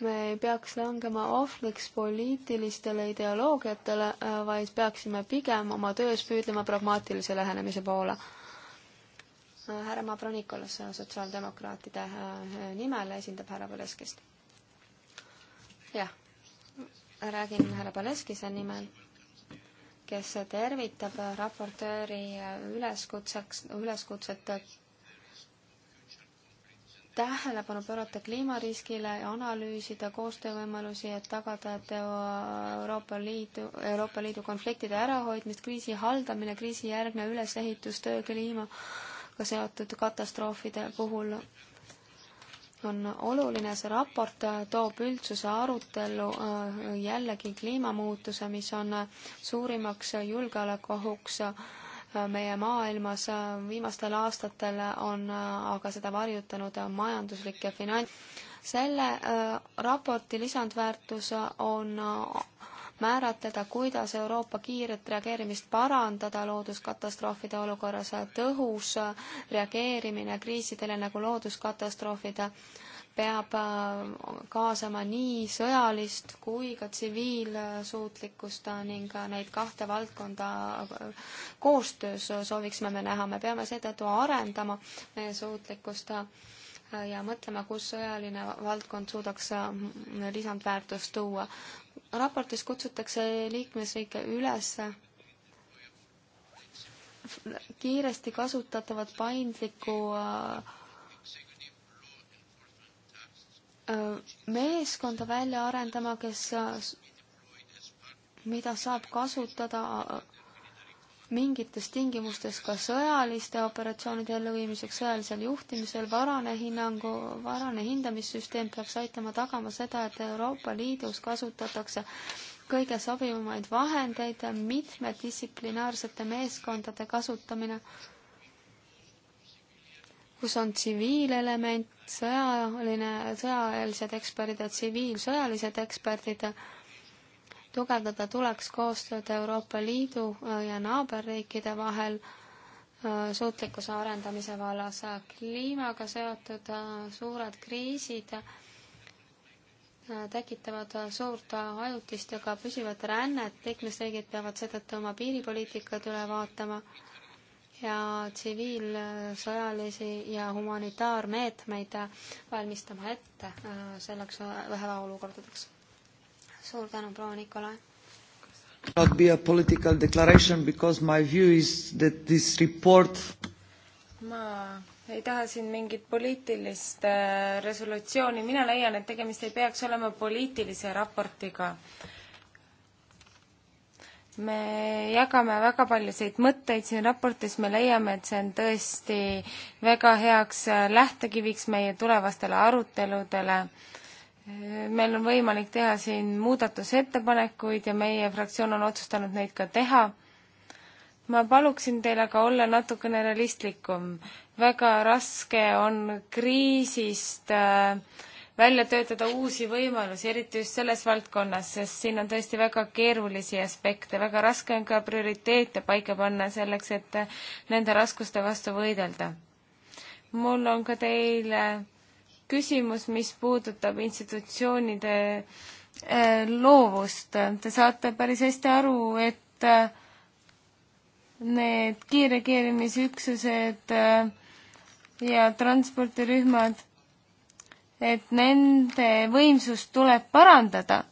me ei peaks langema ohvriks poliitilistele ideoloogiatele, vaid peaksime pigem oma töös püüdlema pragmaatilise lähenemise poole härra Mavronikolas sotsiaaldemokraatide äh, nimel esindab härra Paleskist. jah, räägin härra Paleskise nimel, kes tervitab raportööri üleskutseks, üleskutset tähelepanu pöörata kliimariskile ja analüüsida koostöövõimalusi, et tagada, et Euroopa Liidu, Euroopa Liidu konfliktide ärahoidmist, kriisi haldamine, kriisijärgne ülesehitustöö, kliima kliimaga seotud katastroofide puhul on oluline, see raport toob üldsuse arutellu äh, jällegi kliimamuutuse, mis on suurimaks julgeolekuohuks äh, meie maailmas viimastel aastatel on äh, aga seda varjutanud majanduslik ja finants. selle raporti lisandväärtus on määratleda, kuidas Euroopa kiiret reageerimist parandada looduskatastroofide olukorras, tõhus reageerimine kriisidele nagu looduskatastroofid peab äh, kaasama nii sõjalist kui ka tsiviilsuutlikkust ning neid kahte valdkonda äh, koostöös sooviksime me näha, me peame seetõttu arendama meie suutlikkust äh, ja mõtlema, kus sõjaline valdkond suudaks lisandväärtust tuua raportis kutsutakse liikmesriike üles kiiresti kasutatavat paindlikku äh, äh, meeskonda välja arendama, kes, äh, mida saab kasutada mingites tingimustes ka sõjaliste operatsioonide elluviimiseks, sõjalisel juhtimisel, varane hinnangu, varane hindamissüsteem peaks aitama tagama seda, et Euroopa Liidus kasutatakse kõige sobivamaid vahendeid, mitmedistsiplinaarsete meeskondade kasutamine, kus on tsiviilelement, sõjaline, sõjaeelsed eksperdid ja tsiviilsõjalised eksperdid, eksperdid tugevdada tuleks koostööd Euroopa Liidu äh, ja naaberriikide vahel äh, suutlikkuse arendamise vallas. kliimaga seotud äh, suured kriisid tekitavad suurt ajutist ja ka püsivat rännet, liikmesriigid peavad seetõttu oma piiripoliitikad üle vaatama ja tsiviil, sõjalisi ja humanitaarmeetmeid valmistama ette selleks väheolukordadeks suur tänu, proua Nikolai. Not be a political declaration because my view is that this report ma ei taha siin mingit poliitilist äh, resolutsiooni, mina leian, et tegemist ei peaks olema poliitilise raportiga. me jagame väga paljusid mõtteid siin raportis, me leiame, et see on tõesti väga heaks äh, lähtekiviks meie tulevastele aruteludele meil on võimalik teha siin muudatusettepanekuid ja meie fraktsioon on otsustanud neid ka teha. ma paluksin teil aga olla natukene realistlikum. väga raske on kriisist äh, välja töötada uusi võimalusi, eriti just selles valdkonnas, sest siin on tõesti väga keerulisi aspekte, väga raske on ka prioriteete paika panna selleks, et nende raskuste vastu võidelda. mul on ka teile küsimus, mis puudutab institutsioonide eh, loovust. Te saate päris hästi aru, et eh, need kiirreageerimisüksused eh, ja transpordirühmad, et nende võimsust tuleb parandada.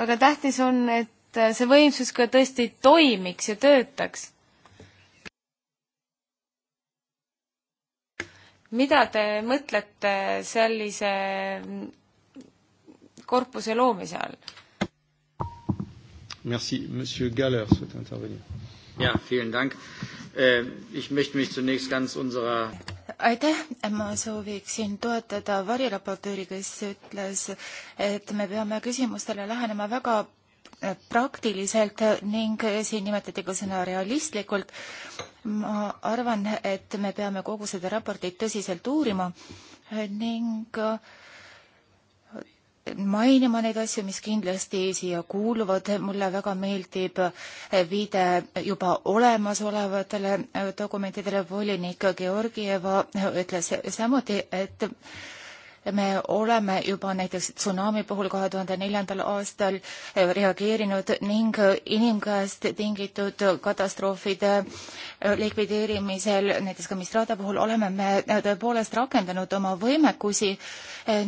väga tähtis on, et see võimsus ka tõesti toimiks ja töötaks mida te mõtlete sellise korpuse loomise all? Merci, monsieur Galler souhaite intervenir. Ja, vielen Dank. Ähm, ich möchte mich zunächst ganz unserer aitäh, ma sooviksin toetada variraportööri, kes ütles, et me peame küsimustele lähenema väga praktiliselt ning siin nimetati ka sõna realistlikult. ma arvan, et me peame kogu seda raportit tõsiselt uurima ning mainima neid asju, mis kindlasti siia kuuluvad. mulle väga meeldib viide juba olemasolevatele dokumentidele. volinik Georgieva ütles samuti, et me oleme juba näiteks tsunami puhul kahe tuhande neljandal aastal eh, reageerinud ning eh, inimkäest tingitud katastroofide eh, likvideerimisel, näiteks ka Mistrada puhul oleme me tõepoolest rakendanud oma võimekusi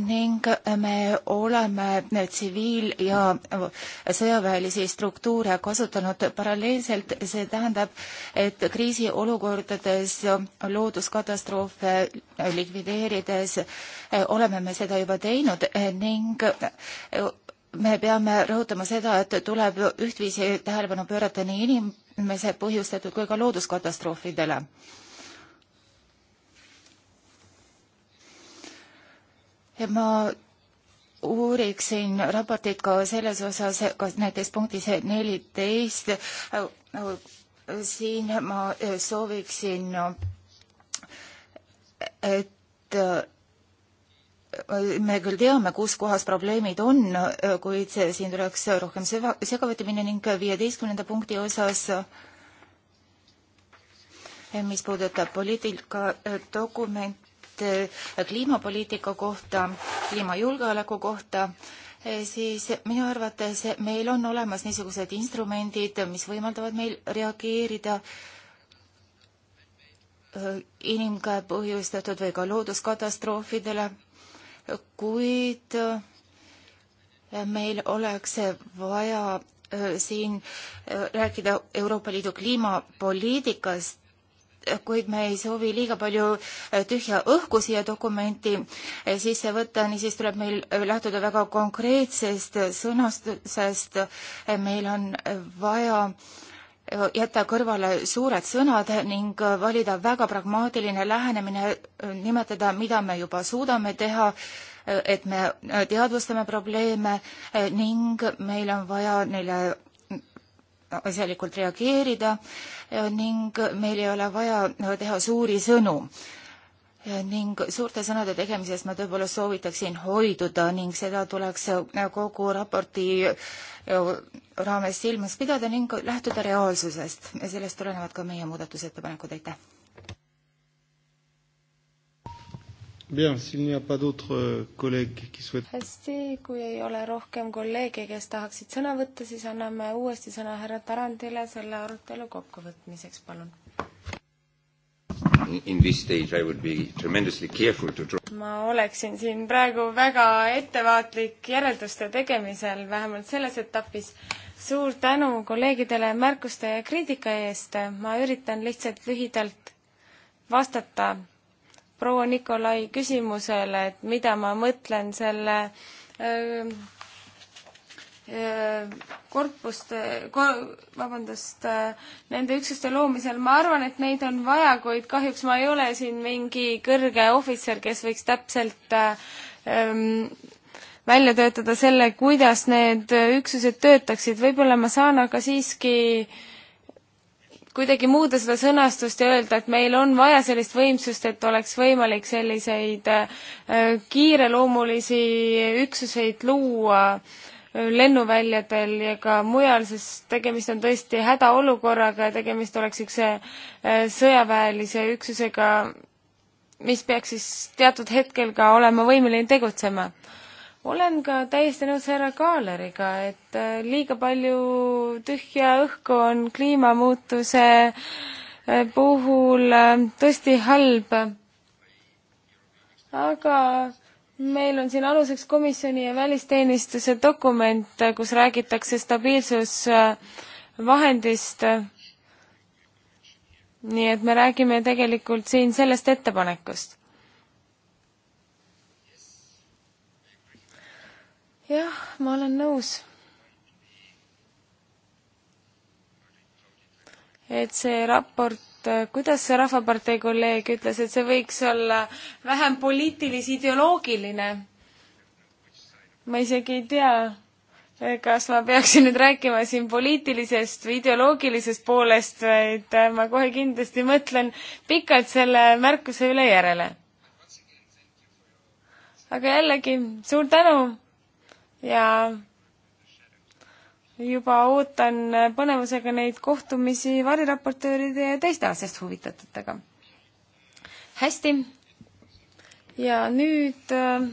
ning me oleme tsiviil- ja sõjaväelisi struktuure kasutanud paralleelselt, see tähendab, et kriisiolukordades looduskatastroofe likvideerides oleme oleme me seda juba teinud eh, ning eh, me peame rõhutama seda, et tuleb ühtviisi tähelepanu pöörata nii inimese põhjustatud kui ka looduskatastroofidele. ma uuriksin raportit ka selles osas, kas näiteks punktis neliteist, siin ma eh, sooviksin, et me küll teame, kus kohas probleemid on, kuid siin tuleks rohkem sega, segavõtti minna ning viieteistkümnenda punkti osas, mis puudutab poliitika dokumente kliimapoliitika kohta, kliimajulgeoleku kohta, siis minu arvates meil on olemas niisugused instrumendid, mis võimaldavad meil reageerida äh, inimkäe põhjustatud või ka looduskatastroofidele kuid äh, meil oleks vaja äh, siin äh, rääkida Euroopa Liidu kliimapoliitikast, kuid me ei soovi liiga palju tühja õhku siia dokumenti sisse võtta, niisiis tuleb meil lähtuda väga konkreetsest sõnastusest. meil on vaja äh, jätta kõrvale suured sõnad ning valida väga pragmaatiline lähenemine, nimetada, mida me juba suudame teha, et me teadvustame probleeme ning meil on vaja neile asjalikult reageerida ning meil ei ole vaja teha suuri sõnu ning suurte sõnade tegemisest ma tõepoolest soovitaksin hoiduda ning seda tuleks äh, kogu raporti äh, raames silmas pidada ning lähtuda reaalsusest. sellest tulenevad ka meie muudatusettepanekud, aitäh. Euh, hästi, kui ei ole rohkem kolleege, kes tahaksid sõna võtta, siis anname uuesti sõna härra Tarandile selle arutelu kokkuvõtmiseks, palun in this stage I would be tremendously careful to draw ma oleksin siin praegu väga ettevaatlik järelduste tegemisel, vähemalt selles etapis. suur tänu kolleegidele märkuste ja kriitika eest, ma üritan lihtsalt lühidalt vastata proua Nikolai küsimusele, et mida ma mõtlen selle öö, äh, öö, äh, korpust kor,, vabandust, nende üksuste loomisel, ma arvan, et neid on vaja, kuid kahjuks ma ei ole siin mingi kõrge ohvitser, kes võiks täpselt ähm, välja töötada selle, kuidas need üksused töötaksid, võib-olla ma saan aga siiski kuidagi muuda seda sõnastust ja öelda, et meil on vaja sellist võimsust, et oleks võimalik selliseid äh, kiireloomulisi üksuseid luua äh, lennuväljadel ja ka mujal, sest tegemist on tõesti hädaolukorraga ja tegemist oleks üks äh, sõjaväelise üksusega, mis peaks siis teatud hetkel ka olema võimeline tegutsema. olen ka täiesti nõus härra Kaaleriga, et äh, liiga palju tühja õhku on kliimamuutuse äh, puhul tõesti halb. aga meil on siin aluseks komisjoni ja välisteenistuse dokument, kus räägitakse stabiilsusvahendist. nii et me räägime tegelikult siin sellest ettepanekust. jah, ma olen nõus. et see raport Äh, kuidas see Rahvapartei kolleeg ütles, et see võiks olla vähem poliitilis-ideoloogiline? ma isegi ei tea, äh, kas ma peaksin nüüd rääkima siin poliitilisest või ideoloogilisest poolest, vaid äh, ma kohe kindlasti mõtlen pikalt selle märkuse üle järele. aga jällegi, suur tänu ja juba ootan põnevusega neid kohtumisi variraportööride ja teiste asjast huvitatutega. hästi. ja nüüd äh,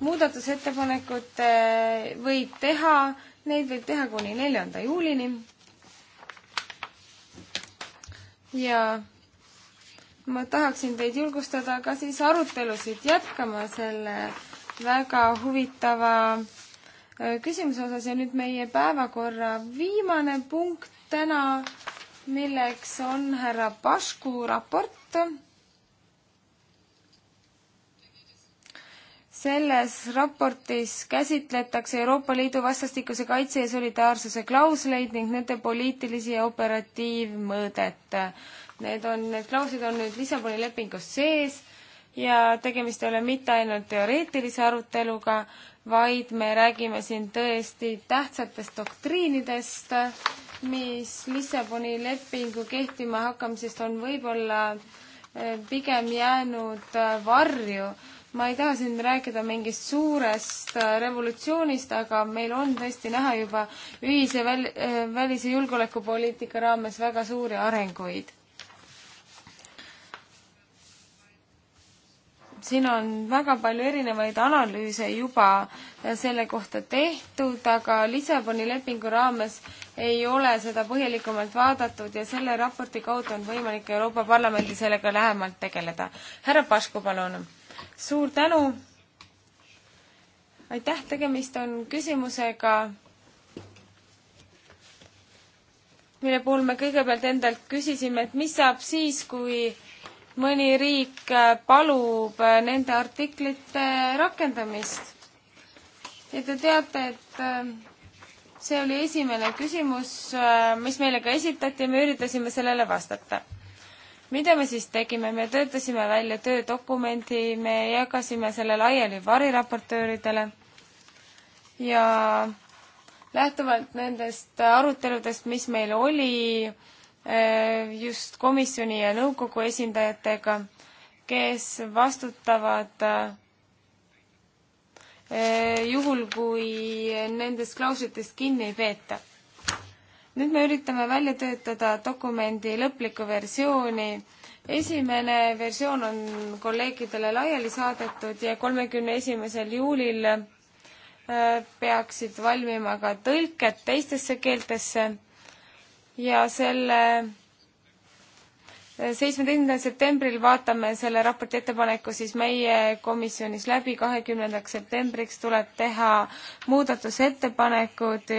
muudatusettepanekut äh, võib teha, neid võib teha kuni neljanda juulini. ja ma tahaksin teid julgustada ka siis arutelusid jätkama selle väga huvitava äh, Äh, küsimuse osas ja nüüd meie päevakorra viimane punkt täna, milleks on härra Pašku raport. selles raportis käsitletakse Euroopa Liidu vastastikuse kaitse ja solidaarsuse klausleid ning nende poliitilisi ja operatiivmõõdet. Need on, need klauslid on nüüd Lissaboni lepingus sees ja tegemist ei ole mitte ainult teoreetilise aruteluga, vaid me räägime siin tõesti tähtsatest doktriinidest, mis Lissaboni lepingu kehtima hakkamisest on võib-olla eh, pigem jäänud eh, varju. ma ei taha siin rääkida mingist suurest eh, revolutsioonist, aga meil on tõesti näha juba ühise väl-, välis- ja julgeolekupoliitika raames väga suuri arenguid siin on väga palju erinevaid analüüse juba selle kohta tehtud, aga Lissaboni lepingu raames ei ole seda põhjalikumalt vaadatud ja selle raporti kaudu on võimalik Euroopa Parlamendi sellega lähemalt tegeleda. härra Pašku, palun. suur tänu. aitäh, tegemist on küsimusega mille puhul me kõigepealt endalt küsisime, et mis saab siis, kui mõni riik palub nende artiklite rakendamist. ja te teate, et äh, see oli esimene küsimus, äh, mis meile ka esitati ja me üritasime sellele vastata. mida me siis tegime, me töötasime välja töödokumendi, me jagasime selle laiali variraportööridele ja lähtuvalt nendest aruteludest, mis meil oli, Eh, just komisjoni ja nõukogu esindajatega, kes vastutavad eh, juhul, kui nendest klauslitest kinni ei peeta. nüüd me üritame välja töötada dokumendi lõplikku versiooni. esimene versioon on kolleegidele laiali saadetud ja kolmekümne esimesel juulil eh, peaksid valmima ka tõlked teistesse keeltesse ja selle eh, seitsmeteistkümnendal septembril vaatame selle raporti ettepaneku siis meie komisjonis läbi, kahekümnendaks septembriks tuleb teha muudatusettepanekud,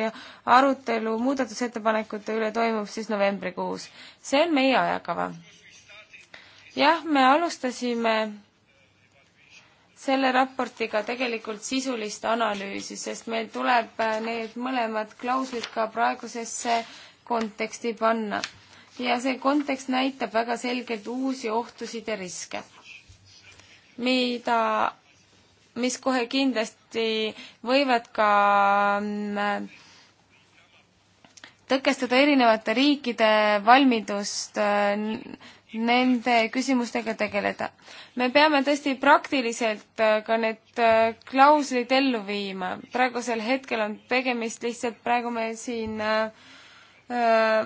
arutelu muudatusettepanekute üle toimub siis novembrikuus. see on meie ajakava. jah, me alustasime selle raportiga tegelikult sisulist analüüsi, sest meil tuleb eh, need mõlemad klauslid ka praegusesse konteksti panna. ja see kontekst näitab väga selgelt uusi ohtusid ja riske, mida, mis kohe kindlasti võivad ka mm, tõkestada erinevate riikide valmidust äh, nende küsimustega tegeleda. me peame tõesti praktiliselt äh, ka need äh, klauslid ellu viima. praegusel hetkel on tegemist lihtsalt, praegu me siin äh, Äh,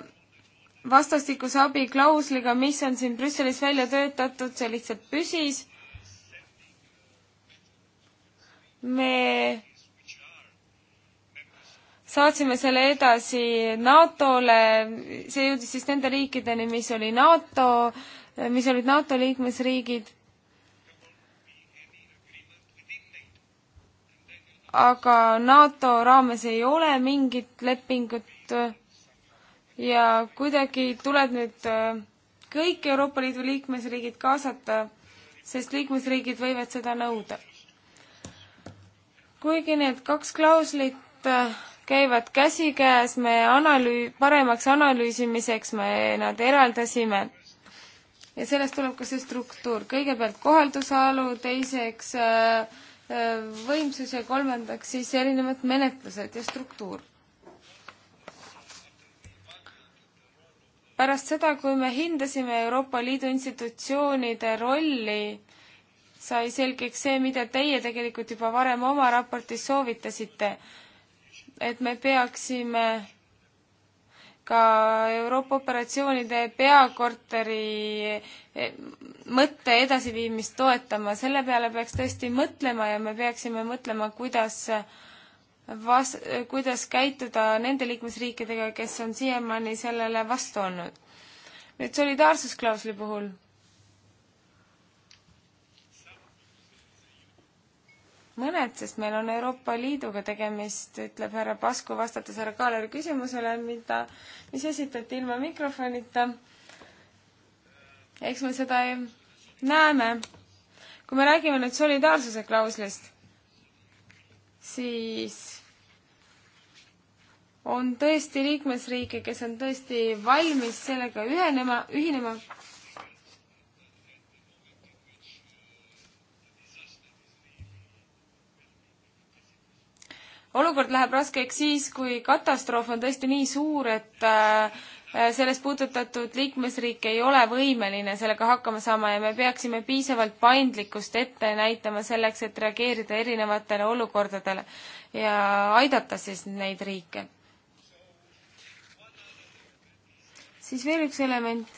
vastastikuse abi klausliga, mis on siin Brüsselis välja töötatud, see lihtsalt püsis. me saatsime selle edasi NATO-le, see jõudis siis nende riikideni, mis oli NATO, mis olid NATO liikmesriigid. aga NATO raames ei ole mingit lepingut ja kuidagi tuleb nüüd äh, kõik Euroopa Liidu liikmesriigid kaasata, sest liikmesriigid võivad seda nõuda. kuigi need kaks klauslit äh, käivad käsikäes, me analüü-, paremaks analüüsimiseks me nad eraldasime. ja sellest tuleb ka see struktuur, kõigepealt kohaldusalu, teiseks äh, võimsus ja kolmandaks siis erinevad menetlused ja struktuur pärast seda, kui me hindasime Euroopa Liidu institutsioonide rolli, sai selgeks see, mida teie tegelikult juba varem oma raportis soovitasite, et me peaksime ka Euroopa operatsioonide peakorteri eh, mõtte edasiviimist toetama, selle peale peaks tõesti mõtlema ja me peaksime mõtlema, kuidas äh, vas-, kuidas käituda nende liikmesriikidega, kes on siiamaani sellele vastu olnud. nüüd solidaarsusklausli puhul. mõned, sest meil on Euroopa Liiduga tegemist, ütleb härra Pasku, vastates härra Kaaleri küsimusele, mida, mis esitati ilma mikrofonita. eks me seda ei, näeme. kui me räägime nüüd solidaarsuse klauslist, siis on tõesti liikmesriike, kes on tõesti valmis sellega ühenema, ühinema. olukord läheb raskeks siis, kui katastroof on tõesti nii suur, et äh, sellest puudutatud liikmesriik ei ole võimeline sellega hakkama saama ja me peaksime piisavalt paindlikkust ette näitama selleks, et reageerida erinevatele olukordadele ja aidata siis neid riike. siis veel üks element.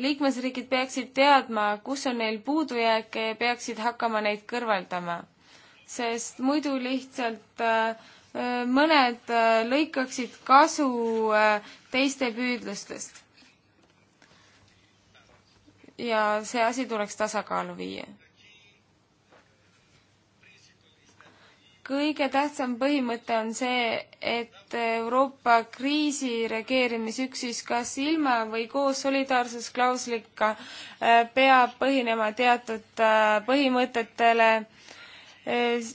liikmesriigid peaksid teadma, kus on neil puudujääke ja peaksid hakkama neid kõrvaldama, sest muidu lihtsalt äh, äh mõned äh, lõikaksid kasu äh, teiste püüdlustest. ja see asi tuleks tasakaalu viia kõige tähtsam põhimõte on see, et Euroopa kriisireageerimisüksus kas ilma või koos solidaarsusklausliga äh, peab põhinema teatud äh, põhimõtetele. Äh,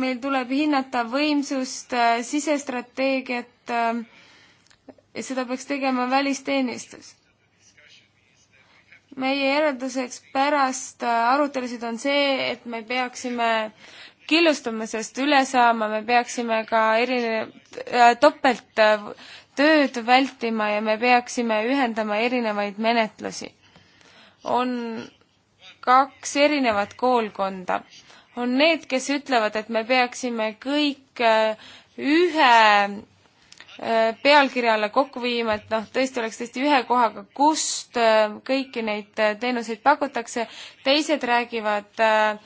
meil tuleb hinnata võimsust, sisestrateegiat, seda peaks tegema välisteenistus meie järelduseks pärast arutelusid on see, et me peaksime killustumisest üle saama, me peaksime ka erinev, äh, topelttööd äh, vältima ja me peaksime ühendama erinevaid menetlusi. on kaks erinevat koolkonda. on need, kes ütlevad, et me peaksime kõik äh, ühe pealkirja alla kokku viima, et noh, tõesti oleks tõesti ühe kohaga, kust kõiki neid teenuseid pakutakse, teised räägivad äh,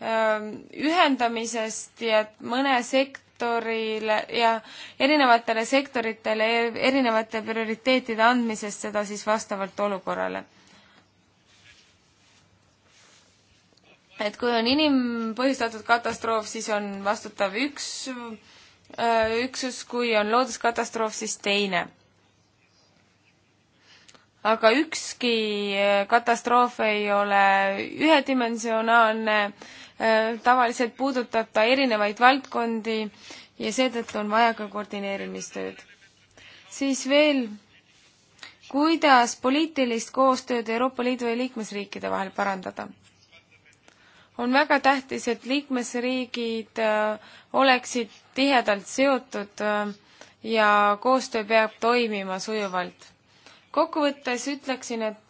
Ähm, ühendamisest ja mõne sektorile ja erinevatele sektoritele e-, erinevate prioriteetide andmisest, seda siis vastavalt olukorrale. et kui on inimpõhjustatud katastroof, siis on vastutav üks äh, üksus, kui on looduskatastroof, siis teine aga ükski äh, katastroof ei ole ühedimensionaalne, Äh, tavaliselt puudutab ta erinevaid valdkondi ja seetõttu on vaja ka koordineerimistööd. siis veel, kuidas poliitilist koostööd Euroopa Liidu ja liikmesriikide vahel parandada? on väga tähtis, et liikmesriigid äh, oleksid tihedalt seotud äh, ja koostöö peab toimima sujuvalt. kokkuvõttes ütleksin, et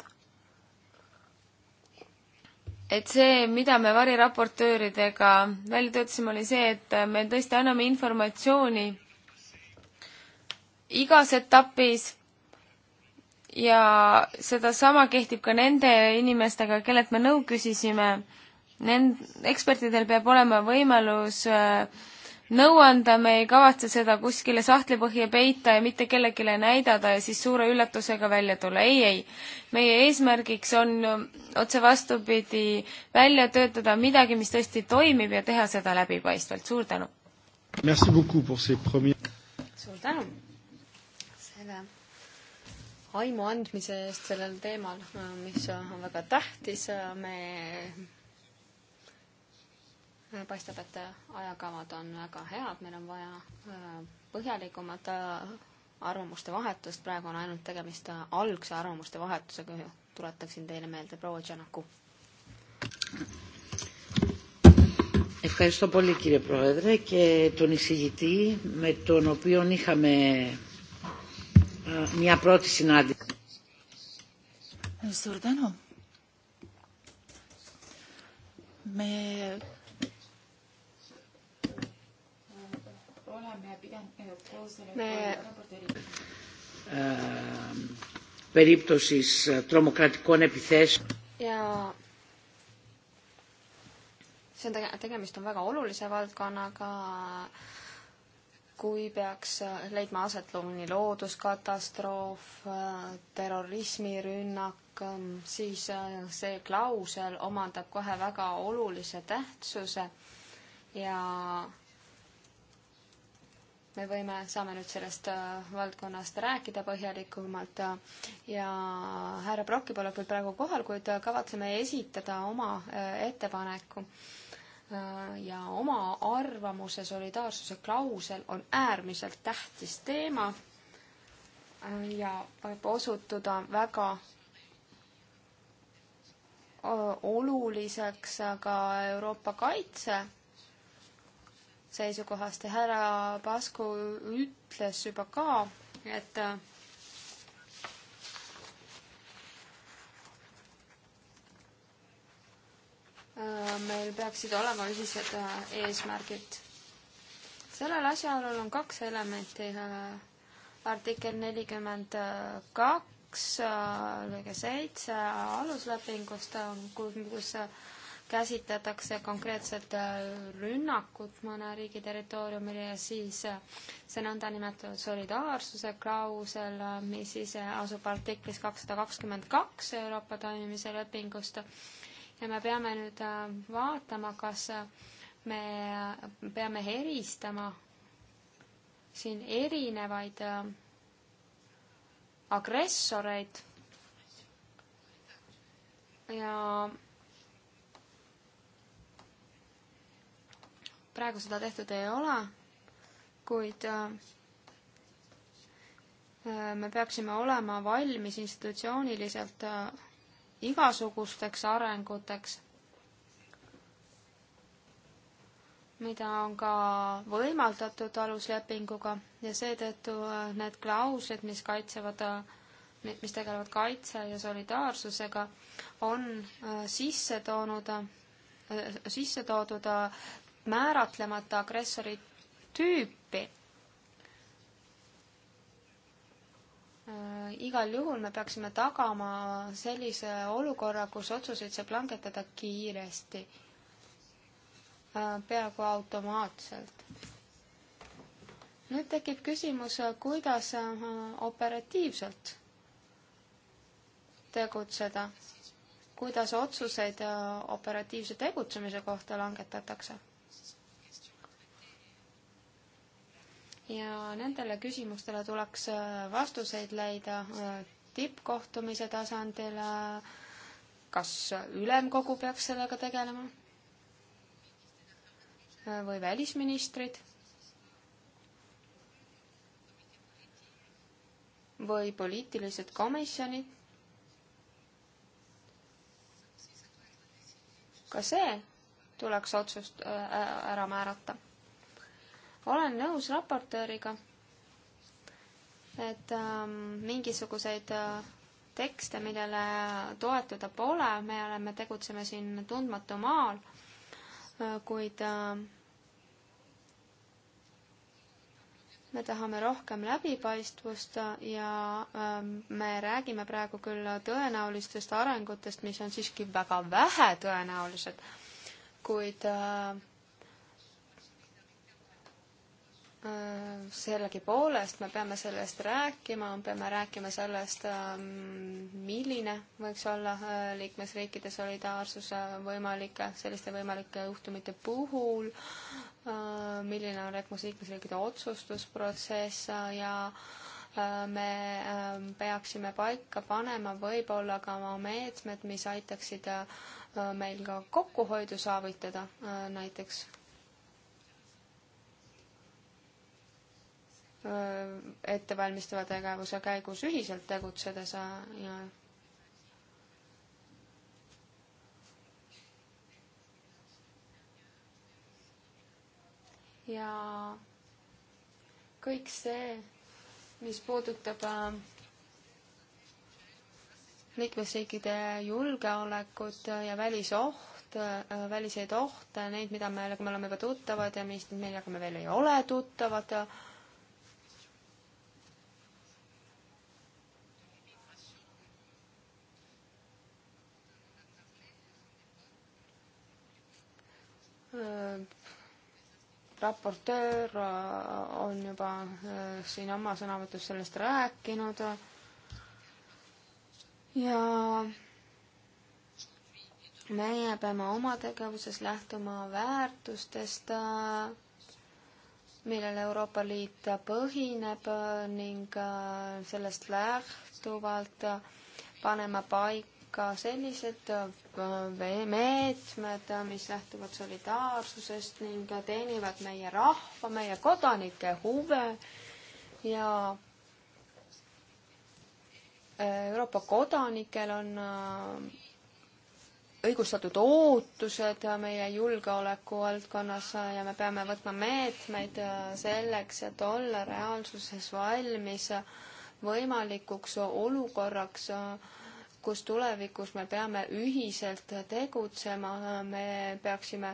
et see, mida me variraportööridega välja töötasime, oli see, et me tõesti anname informatsiooni igas etapis ja sedasama kehtib ka nende inimestega, kellelt me nõu küsisime. Nend-, ekspertidel peab olema võimalus äh, nõu anda, me ei kavatse seda kuskile sahtlipõhja peita ja mitte kellelegi näidata ja siis suure üllatusega välja tulla. ei, ei. meie eesmärgiks on otse vastupidi välja töötada midagi, mis tõesti toimib ja teha seda läbipaistvalt. suur tänu! suur tänu selle aimu andmise eest sellel teemal, mis on väga tähtis, me paistab, et ajakavad on väga head, meil on vaja äh, põhjalikumat äh, arvamuste vahetust, praegu on ainult tegemist äh, algse arvamuste vahetusega, tuletaksin teile meelde proua Tšanaku. Ευχαριστώ πολύ κύριε Πρόεδρε και τον εισηγητή με τον οποίο είχαμε μια πρώτη συνάντηση. Suur tänu. me με περίπτωσης τρομοκρατικών επιθέσεων. Ja see on tege-, tegemist on väga olulise valdkonnaga, kui peaks äh, leidma aset nii looduskatastroof, äh, terrorismirünnak, ähm, siis äh, see klausel omandab kohe väga olulise tähtsuse ja me võime, saame nüüd sellest äh, valdkonnast rääkida põhjalikumalt äh, ja härra Brocki pole küll praegu kohal, kuid äh, kavatseme esitada oma ettepaneku. ja oma arvamuse solidaarsuse klausel on äärmiselt tähtis teema ja võib osutuda väga oluliseks ka Euroopa kaitse seisukohast ja härra Pasku ütles juba ka, et äh, meil peaksid olema ühised äh, eesmärgid. sellel asjaolul on kaks elementi. Äh, artikkel nelikümmend kaks lõige seitse aluslepingust, kus käsitletakse konkreetset äh, rünnakut mõne riigi territooriumil ja siis äh, see nõndanimetatud solidaarsuse klausel, äh, mis ise asub artiklis kakssada kakskümmend kaks Euroopa toimimise lepingust. ja me peame nüüd vaatama, kas me peame eristama siin erinevaid agressoreid ja praegu seda tehtud ei ole, kuid äh, me peaksime olema valmis institutsiooniliselt äh, igasugusteks arenguteks, mida on ka võimaldatud aluslepinguga ja seetõttu äh, need klauslid, mis kaitsevad, mis tegelevad kaitse ja solidaarsusega, on sisse toonud, sisse toodud määratlemata agressori tüüpi. Äh, igal juhul me peaksime tagama sellise olukorra, kus otsuseid saab langetada kiiresti, äh, peaaegu automaatselt. nüüd tekib küsimus, kuidas äh, operatiivselt tegutseda, kuidas otsuseid operatiivse tegutsemise kohta langetatakse ja nendele küsimustele tuleks äh, vastuseid leida äh, tippkohtumise tasandil. Äh, kas ülemkogu peaks sellega tegelema? või välisministrid? või poliitilised komisjonid? ka see tuleks otsust ära määrata olen nõus raportööriga, et ähm, mingisuguseid äh, tekste, millele toetuda pole, me oleme, tegutseme siin tundmatu maal, äh, kuid äh, me tahame rohkem läbipaistvust ja äh, me räägime praegu küll tõenäolistest arengutest, mis on siiski väga vähe tõenäolised, kuid äh, Äh, sellegipoolest me peame sellest rääkima, peame rääkima sellest, ähm, milline võiks olla äh, liikmesriikide solidaarsuse äh, võimalike, selliste võimalike juhtumite puhul, milline on liikmesriikide otsustusprotsess ja me ähm, peaksime paika panema võib-olla ka oma meetmed, mis aitaksid meil ka kokkuhoidu saavutada, näiteks ettevalmistava tegevuse käigus ühiselt tegutsedes ja ja kõik see, mis puudutab äh, liikmesriikide julgeolekut ja välisoht, äh, väliseid ohte, neid, mida me, nagu me oleme juba tuttavad ja mis, millega me veel ei ole tuttavad Äh, raportöör äh, on juba äh, siin oma sõnavõtus sellest rääkinud ja meie peame oma tegevuses lähtuma väärtustest, millel Euroopa Liit põhineb ning sellest lähtuvalt panema paika ka sellised äh, meetmed, mis lähtuvad solidaarsusest ning teenivad meie rahva, meie kodanike huve ja äh, Euroopa kodanikel on äh, õigustatud ootused meie julgeoleku valdkonnas ja me peame võtma meetmeid selleks, et olla reaalsuses valmis võimalikuks olukorraks äh, kus tulevikus me peame ühiselt tegutsema, me peaksime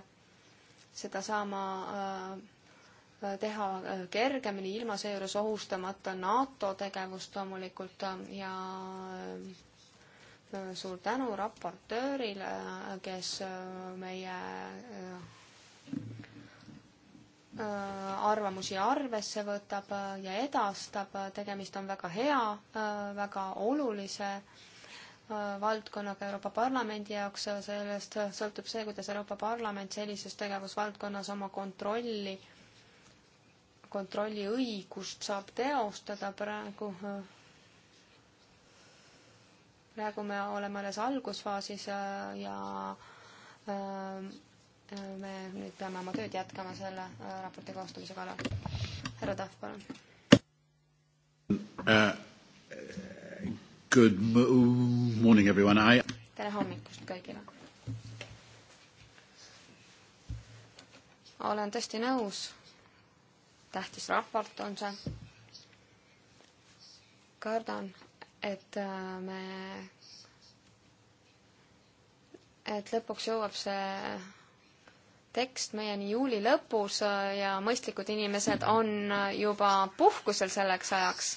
seda saama äh, teha äh, kergemini, ilma seejuures ohustamata NATO tegevust loomulikult äh, ja suur tänu raportöörile, kes meie arvamusi arvesse võtab ja edastab, tegemist on väga hea, väga olulise Äh, valdkonnaga Euroopa Parlamendi jaoks, sellest sõltub see, kuidas Euroopa Parlament sellises tegevusvaldkonnas oma kontrolli, kontrolliõigust saab teostada praegu. Äh, praegu me oleme alles algusfaasis äh, ja me nüüd peame oma tööd jätkama selle raporti koostamise kallal. härra Tahv, palun uh,. Good morning, everyone. I... tere hommikust kõigile! olen tõesti nõus, tähtis raport on see. kardan, et äh, me, et lõpuks jõuab see tekst meieni juuli lõpus äh, ja mõistlikud inimesed on äh, juba puhkusel selleks ajaks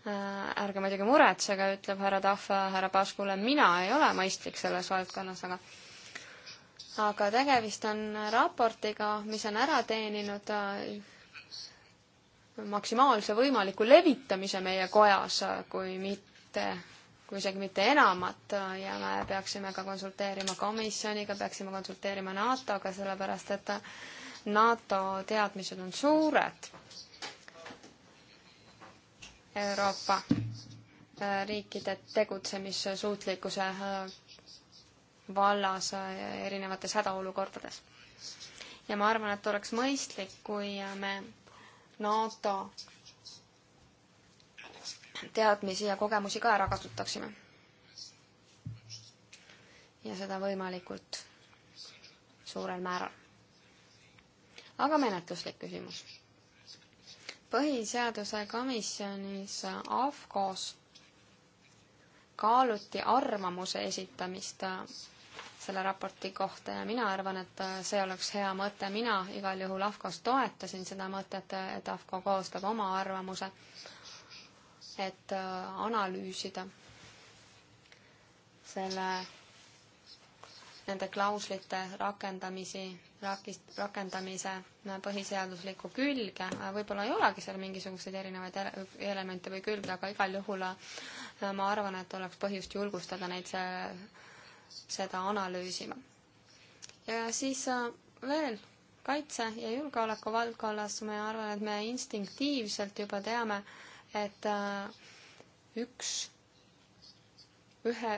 Äh, ärge muidugi muretsege, ütleb härra Tahv härra Paskule, mina ei ole mõistlik selles valdkonnas, aga aga tegemist on raportiga, mis on ära teeninud äh, maksimaalse võimaliku levitamise meie kojas, kui mitte, kui isegi mitte enamat ja me peaksime ka konsulteerima komisjoniga, peaksime konsulteerima NATO-ga, sellepärast et NATO teadmised on suured Euroopa äh, riikide tegutsemissuutlikkuse äh, vallas äh, erinevates hädaolukordades. ja ma arvan, et oleks mõistlik, kui me NATO teadmisi ja kogemusi ka ära kasutaksime. ja seda võimalikult suurel määral. aga menetluslik küsimus põhiseaduse komisjonis AFCOs kaaluti arvamuse esitamist äh, selle raporti kohta ja mina arvan, et äh, see oleks hea mõte. mina igal juhul AFCOs toetasin seda mõtet, äh, et AFCO koostab oma arvamuse, et analüüsida selle nende klauslite rakendamisi, rakist, rakendamise põhiseaduslikku külge, võib-olla ei olegi seal mingisuguseid erinevaid ele elemente või külge, aga igal juhul äh, ma arvan, et oleks põhjust julgustada neid see, seda analüüsima. ja siis äh, veel kaitse ja julgeoleku valdkonnas ma arvan, et me instinktiivselt juba teame, et äh, üks ühe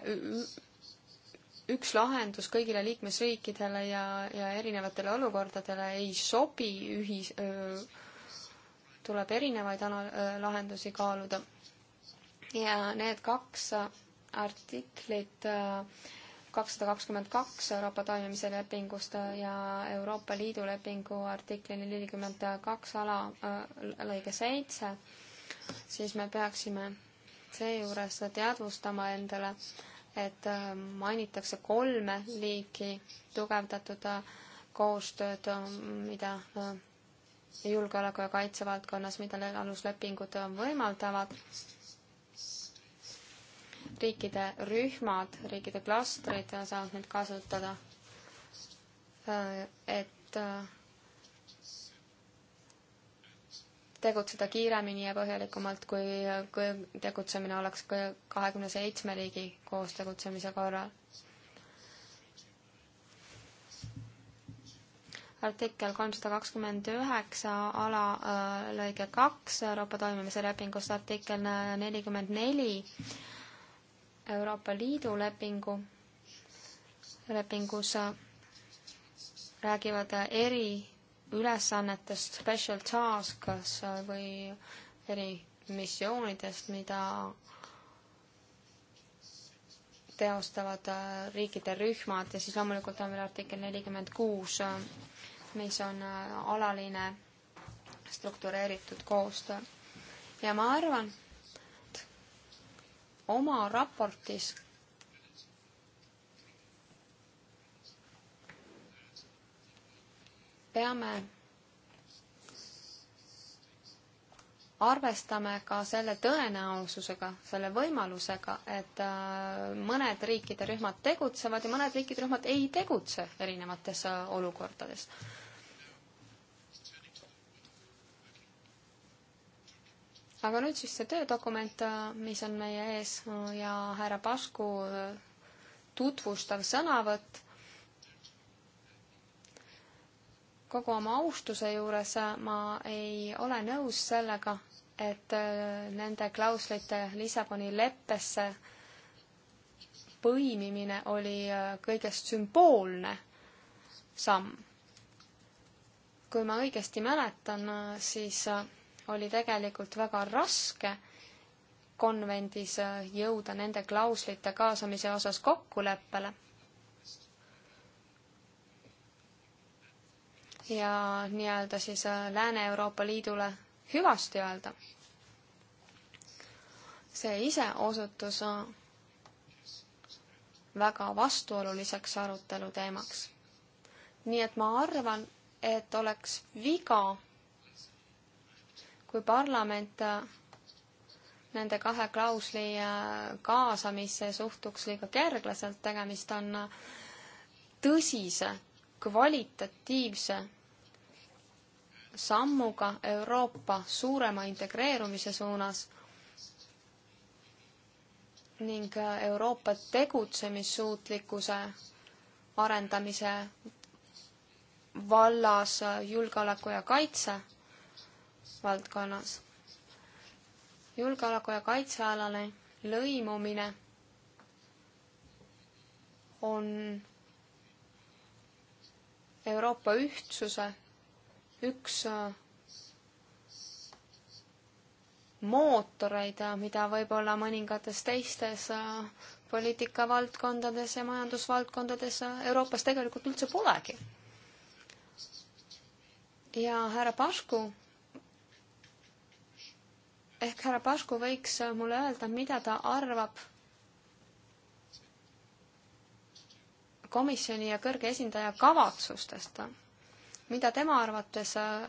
üks lahendus kõigile liikmesriikidele ja, ja erinevatele olukordadele ei sobi ühis-, tuleb erinevaid ana-, lahendusi kaaluda. ja need kaks artiklit kakssada kakskümmend kaks Euroopa toimimise lepingust ja Euroopa Liidu lepingu artikli nelikümmend kaks ala lõige seitse, siis me peaksime seejuures teadvustama endale äh, et äh, mainitakse kolme liiki tugevdatud äh, koostööd, äh, mida julgeoleku ja kaitse valdkonnas, mida aluslepingud võimaldavad. riikide rühmad, riikide klastrid saavad neid kasutada, et tegutseda kiiremini ja põhjalikumalt, kui, kui tegutsemine oleks kahekümne seitsme riigi koos tegutsemise korral. artikkel kolmsada kakskümmend üheksa ala lõige kaks Euroopa toimimise lepingust, artikkel nelikümmend neli Euroopa Liidu lepingu, lepingus räägivad eri ülesannetest, special tasks või erimissioonidest, mida teostavad äh, riikide rühmad ja siis loomulikult on veel artikkel nelikümmend kuus, äh, mis on äh, alaline struktureeritud koostöö. ja ma arvan, et oma raportis peame arvestame ka selle tõenäosusega, selle võimalusega, et äh, mõned riikide rühmad tegutsevad ja mõned riikide rühmad ei tegutse erinevates äh, olukordades. aga nüüd siis see töödokument, äh, mis on meie ees ja härra Pasku tutvustav sõnavõtt kogu oma austuse juures ma ei ole nõus sellega, et äh, nende klauslite Lissaboni leppesse põimimine oli äh, kõigest sümboolne samm. kui ma õigesti mäletan, äh, siis oli tegelikult väga raske konvendis jõuda nende klauslite kaasamise osas kokkuleppele ja nii-öelda siis äh, Lääne-Euroopa Liidule hüvasti öelda. see ise osutus väga vastuoluliseks arutelu teemaks. nii et ma arvan, et oleks viga, kui parlament äh, nende kahe klausli äh, kaasamisse suhtuks liiga kerglaselt, tegemist on tõsise kvalitatiivse sammuga Euroopa suurema integreerumise suunas ning Euroopa tegutsemissuutlikkuse arendamise vallas julgeoleku ja kaitse valdkonnas. julgeoleku ja kaitsealane lõimumine on Euroopa ühtsuse üks äh, mootoreid, äh, mida võib-olla mõningates teistes äh, poliitikavaldkondades ja majandusvaldkondades Euroopas tegelikult üldse polegi. ja härra Pašku, ehk härra Pašku võiks mulle öelda, mida ta arvab komisjoni ja kõrge esindaja kavatsustest. mida tema arvates äh,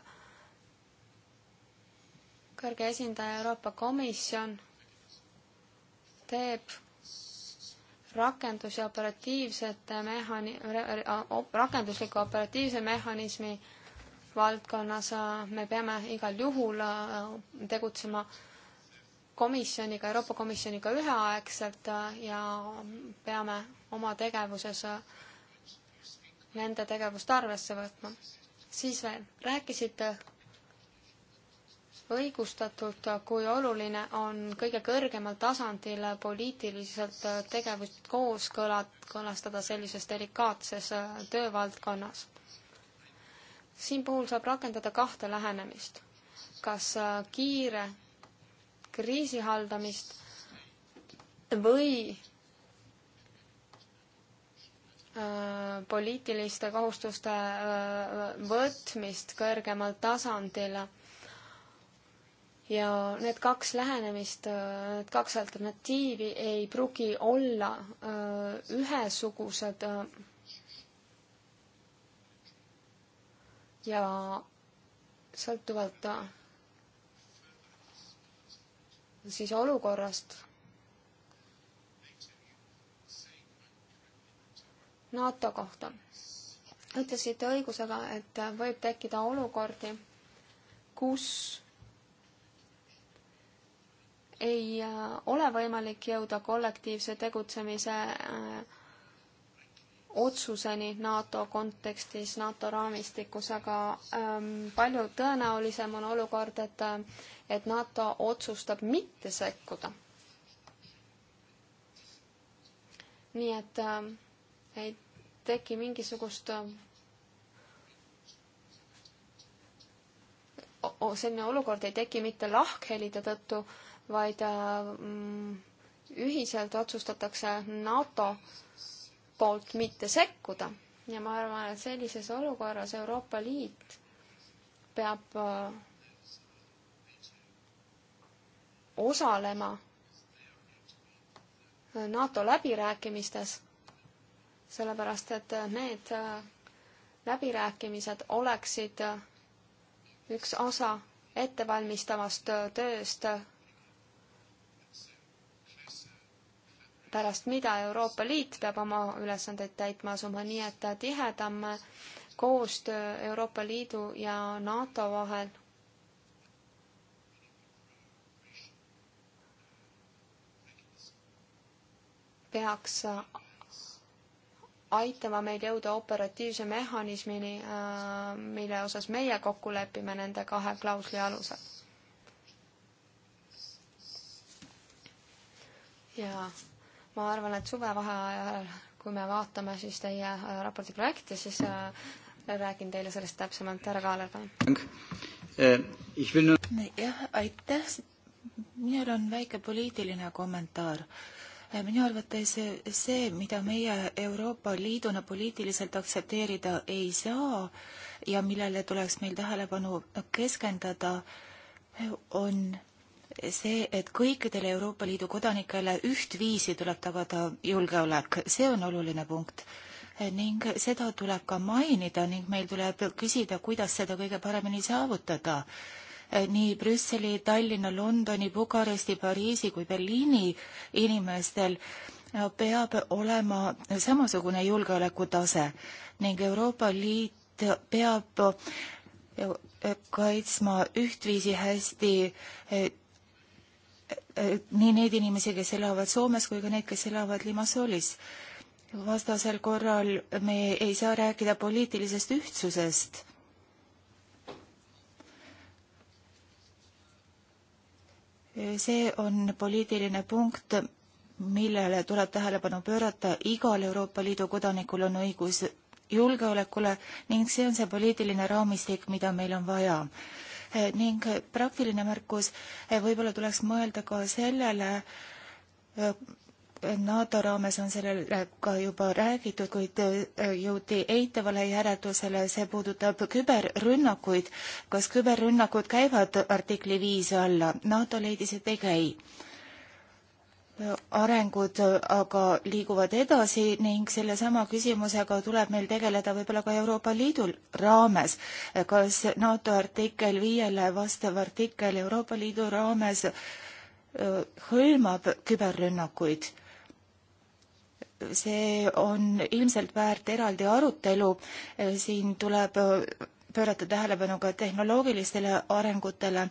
kõrge esindaja Euroopa Komisjon teeb rakendus- ja operatiivsete mehhani-, rakendusliku operatiivse mehhanismi valdkonnas äh, me peame igal juhul äh, tegutsema komisjoniga, Euroopa Komisjoniga üheaegselt ja peame oma tegevuses nende tegevust arvesse võtma. siis veel, rääkisite õigustatult, kui oluline on kõige kõrgemal tasandil poliitiliselt tegevust kooskõla, kõlastada sellises delikaatses töövaldkonnas. siin puhul saab rakendada kahte lähenemist. kas kiire kriisi haldamist või Äh, poliitiliste kohustuste äh, võtmist kõrgemal tasandil. ja need kaks lähenemist, äh, need kaks alternatiivi ei pruugi olla ühesugused. ja sõltuvalt siis olukorrast NATO kohta. ütlesite õigusega, et võib tekkida olukordi, kus ei äh, ole võimalik jõuda kollektiivse tegutsemise äh, otsuseni NATO kontekstis, NATO raamistikus, aga ähm, palju tõenäolisem on olukord, et, äh, et NATO otsustab mitte sekkuda. nii et ähm, ei teki mingisugust selline olukord ei teki mitte lahkhelide tõttu, vaid mm, ühiselt otsustatakse NATO poolt mitte sekkuda. ja ma arvan, et sellises olukorras Euroopa Liit peab osalema NATO läbirääkimistes sellepärast et need äh, läbirääkimised oleksid äh, üks osa ettevalmistavast äh, tööst, pärast mida Euroopa Liit peab oma ülesandeid täitma asuma, nii et tihedam koostöö Euroopa Liidu ja NATO vahel peaks aitama meil jõuda operatiivse mehhanismini, äh, mille osas meie kokku lepime nende kahe klausli alusel. ja ma arvan, et suvevaheaja ajal, kui me vaatame siis teie äh, raporti projekti, siis äh, räägin teile sellest täpsemalt, härra Kaaler, palun. jah, aitäh. minul on väike poliitiline kommentaar minu arvates see, mida meie Euroopa Liiduna poliitiliselt aktsepteerida ei saa ja millele tuleks meil tähelepanu keskendada, on see, et kõikidele Euroopa Liidu kodanikele ühtviisi tuleb tagada julgeolek, see on oluline punkt ning seda tuleb ka mainida ning meil tuleb küsida, kuidas seda kõige paremini saavutada Eh, nii Brüsseli, Tallinna, Londoni, Bukaresti, Pariisi kui Berliini inimestel eh, peab olema samasugune julgeolekutase ning Euroopa Liit peab eh, kaitsma ühtviisi hästi nii neid inimesi, kes elavad Soomes kui ka neid, kes elavad Limassoolis. vastasel korral me ei saa rääkida poliitilisest ühtsusest see on poliitiline punkt, millele tuleb tähelepanu pöörata, igal Euroopa Liidu kodanikul on õigus julgeolekule ning see on see poliitiline raamistik, mida meil on vaja. Eh, ning praktiline märkus, eh, võib-olla tuleks mõelda ka sellele, eh, NATO raames on sellele äh, ka juba räägitud, kuid äh, jõuti eitavale järeldusele, see puudutab küberrünnakuid. kas küberrünnakud käivad artikli viis alla? NATO leidis, et ei käi. arengud aga liiguvad edasi ning sellesama küsimusega tuleb meil tegeleda võib-olla ka Euroopa Liidul raames. kas NATO artikkel viiele vastav artikkel Euroopa Liidu raames äh, hõlmab küberrünnakuid see on ilmselt väärt eraldi arutelu, siin tuleb pöörata tähelepanu ka tehnoloogilistele arengutele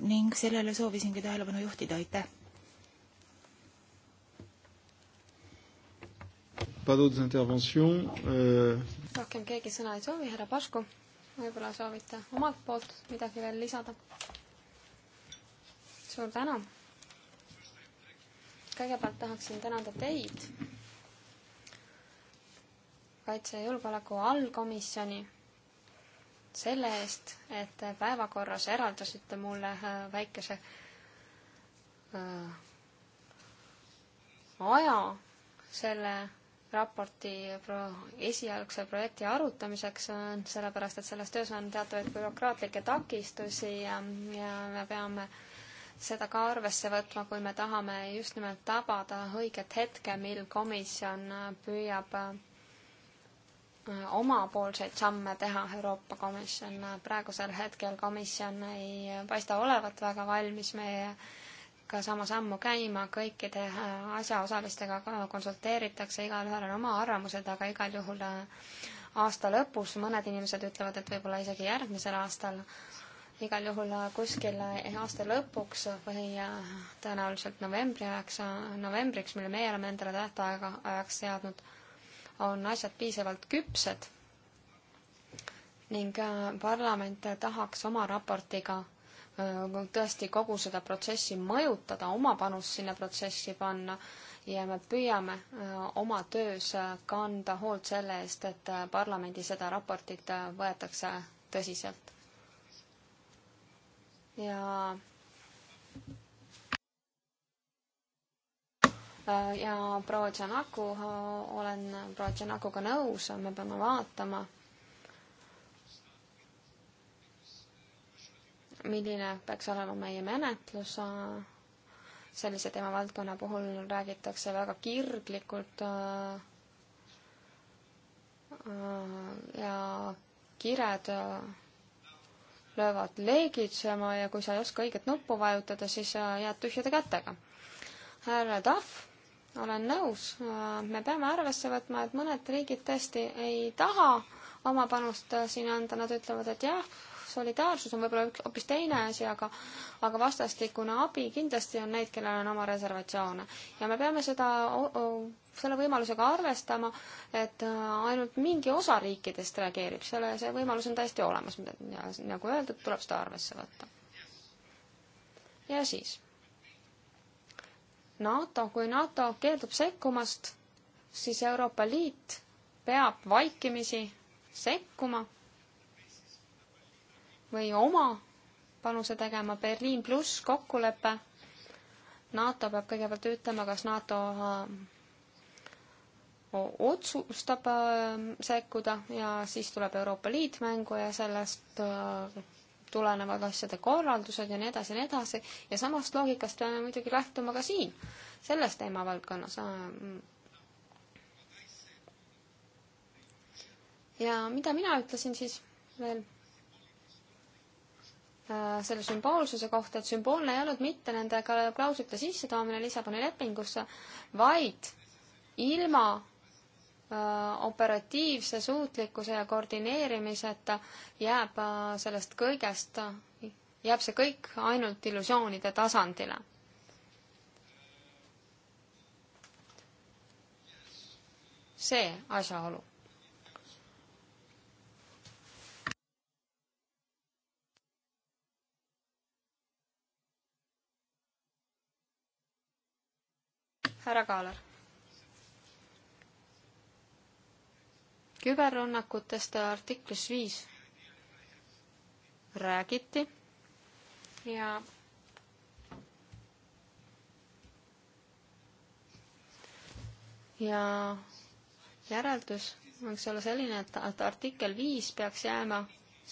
ning sellele soovisingi tähelepanu juhtida, aitäh! Euh, rohkem keegi sõna ei soovi, härra Pašku, võib-olla soovite omalt poolt midagi veel lisada? suur tänu! kõigepealt tahaksin tänada teid kaitse ja julgeoleku allkomisjoni selle eest, et te päevakorras eraldasite mulle äh, väikese äh, aja selle raporti pro-, esialgse projekti arutamiseks, äh, sellepärast et selles töös on teatavaid bürokraatlikke takistusi ja, ja me peame seda ka arvesse võtma, kui me tahame just nimelt tabada õiget hetke, mil komisjon püüab äh, omapoolseid samme teha Euroopa Komisjon. Äh, praegusel hetkel komisjon ei paista olevat väga valmis meiega sama sammu käima, kõikide äh, asjaosalistega konsulteeritakse, igalühel on oma arvamused, aga igal juhul äh, aasta lõpus, mõned inimesed ütlevad, et võib-olla isegi järgmisel aastal, igal juhul kuskil aasta lõpuks või tõenäoliselt novembri ajaks, novembriks, mille meie oleme endale tähtaega ajaks seadnud on asjad piisavalt küpsed ning äh, parlament tahaks oma raportiga äh, tõesti kogu seda protsessi mõjutada, oma panust sinna protsessi panna ja me püüame äh, oma töös kanda hoolt selle eest, et parlamendi seda raportit võetakse tõsiselt. ja Äh, ja proua Tšanaku, äh, olen proua Tšanakuga nõus, me peame vaatama, milline peaks olema meie menetlus äh, sellise teemavaldkonna puhul räägitakse väga kirglikult ja kired löövad leegitsema ja kui sa ei oska õiget nuppu vajutada, siis jääd tühjade kätega. härra Tahv olen nõus, me peame arvesse võtma, et mõned riigid tõesti ei taha oma panust äh, siin anda, nad ütlevad, et jah, solidaarsus on võib-olla hoopis teine asi, aga aga vastastikune abi kindlasti on neid, kellel on oma reservatsioone. ja me peame seda, selle võimalusega arvestama, et äh, ainult mingi osa riikidest reageerib, selle, see võimalus on täiesti olemas ja nagu öeldud, tuleb seda arvesse võtta. ja siis NATO, kui NATO keeldub sekkumast, siis Euroopa Liit peab vaikimisi sekkuma või oma panuse tegema. Berliin pluss kokkulepe. NATO peab kõigepealt ütlema, kas NATO äh, otsustab äh, sekkuda ja siis tuleb Euroopa Liit mängu ja sellest äh, tulenevad asjade korraldused ja nii edasi ja nii edasi, ja samast loogikast peame muidugi lähtuma ka siin, selles teemavaldkonnas. ja mida mina ütlesin siis veel? selle sümboolsuse kohta, et sümboolne ei olnud mitte nende klauslite sissetoomine Lissaboni lepingusse, vaid ilma Äh, operatiivse suutlikkuse ja koordineerimiseta jääb äh, sellest kõigest, äh, jääb see kõik ainult illusioonide tasandile. see asjaolu härra Kaalar küberrünnakutest artiklis viis räägiti ja ja järeldus võiks olla selline, et artikkel viis peaks jääma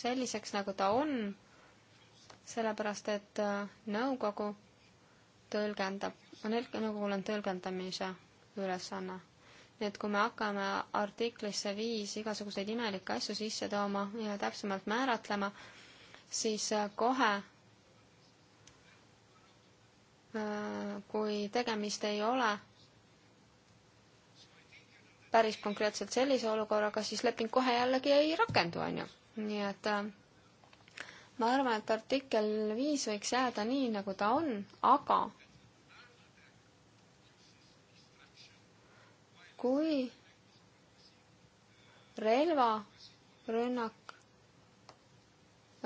selliseks, nagu ta on, sellepärast et äh, nõukogu tõlgendab, nõukogul on tõlgendamise ülesanne nii et kui me hakkame artiklisse viis igasuguseid imelikke asju sisse tooma ja täpsemalt määratlema, siis äh, kohe, äh, kui tegemist ei ole päris konkreetselt sellise olukorraga, siis leping kohe jällegi ei rakendu, on ju. nii et äh, ma arvan, et artikkel viis võiks jääda nii, nagu ta on, aga kui relvarünnak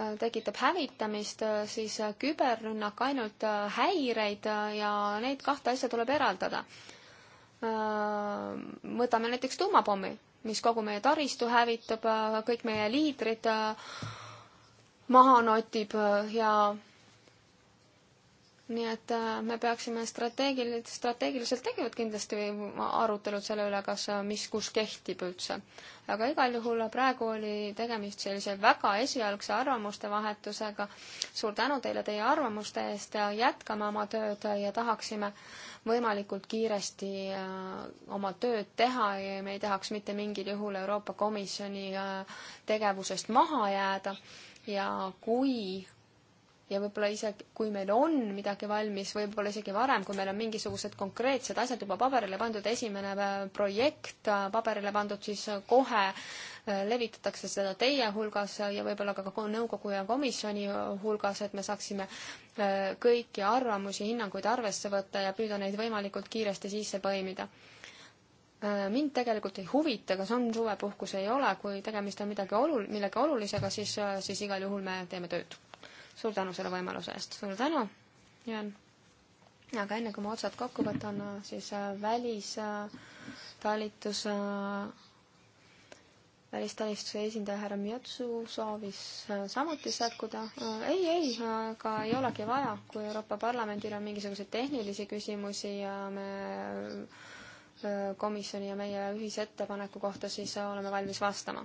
äh, tekitab hävitamist, äh, siis äh, küberrünnak ainult häireid ja neid kahte asja tuleb eraldada. võtame näiteks tuumapommi, mis kogu meie taristu hävitab, kõik meie liidrid maha notib ja nii et äh, me peaksime strateegil-, strateegiliselt tegevad kindlasti arutelud selle üle, kas, äh, mis kus kehtib üldse. aga igal juhul praegu oli tegemist sellise väga esialgse arvamuste vahetusega. suur tänu teile teie arvamuste eest ja jätkame oma tööd ja tahaksime võimalikult kiiresti äh, oma tööd teha ja me ei tahaks mitte mingil juhul Euroopa Komisjoni tegevusest maha jääda ja kui ja võib-olla isegi, kui meil on midagi valmis, võib-olla isegi varem, kui meil on mingisugused konkreetsed asjad juba paberile pandud, esimene äh, projekt äh, paberile pandud, siis äh, kohe levitatakse seda teie hulgas ja võib-olla ka nõukogu ja komisjoni hulgas, et me saaksime kõiki arvamusi, hinnanguid arvesse võtta ja püüda neid võimalikult kiiresti sisse põimida mind tegelikult ei huvita, kas on suvepuhkus või ei ole, kui tegemist on midagi olul-, millegi olulisega, siis, siis igal juhul me teeme tööd suur tänu selle võimaluse eest, suur tänu, Jaan. aga enne kui ma otsad kokku võtan, äh, siis äh, välistalitus, äh, välistalituse esindaja härra Miotsu soovis samuti sekkuda. ei, ei, aga ei olegi vaja, kui Euroopa Parlamendil on mingisuguseid tehnilisi küsimusi ja me komisjoni ja meie ühise ettepaneku kohta, siis oleme valmis vastama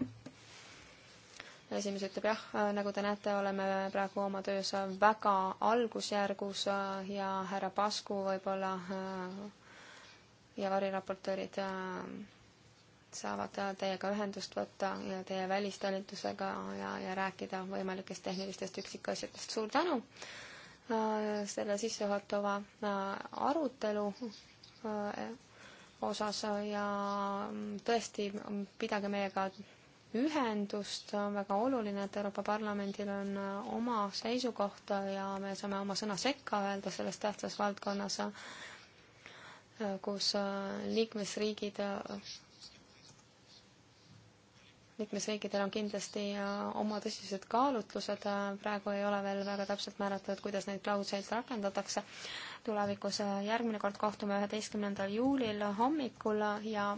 esimees ütleb jah, nagu te näete, oleme praegu oma töös väga algusjärgus äh, ja härra Pasku võib-olla äh, ja variraportöörid äh, saavad teiega ühendust võtta ja teie välistalitusega ja, ja rääkida võimalikest tehnilistest üksikasjadest. suur tänu selle sissejuhatava arutelu osas ja mm, tõesti mm, pidage meiega ühendust, on väga oluline, et Euroopa Parlamendil on oma seisukoht ja me saame oma sõna sekka öelda selles tähtsas valdkonnas, kus liikmesriigid, liikmesriikidel on kindlasti oma tõsised kaalutlused, praegu ei ole veel väga täpselt määratud, kuidas neid klauseid rakendatakse. tulevikus järgmine kord kohtume üheteistkümnendal juulil hommikul ja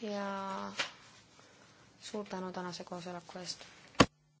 ja suur tänu tänase koosoleku eest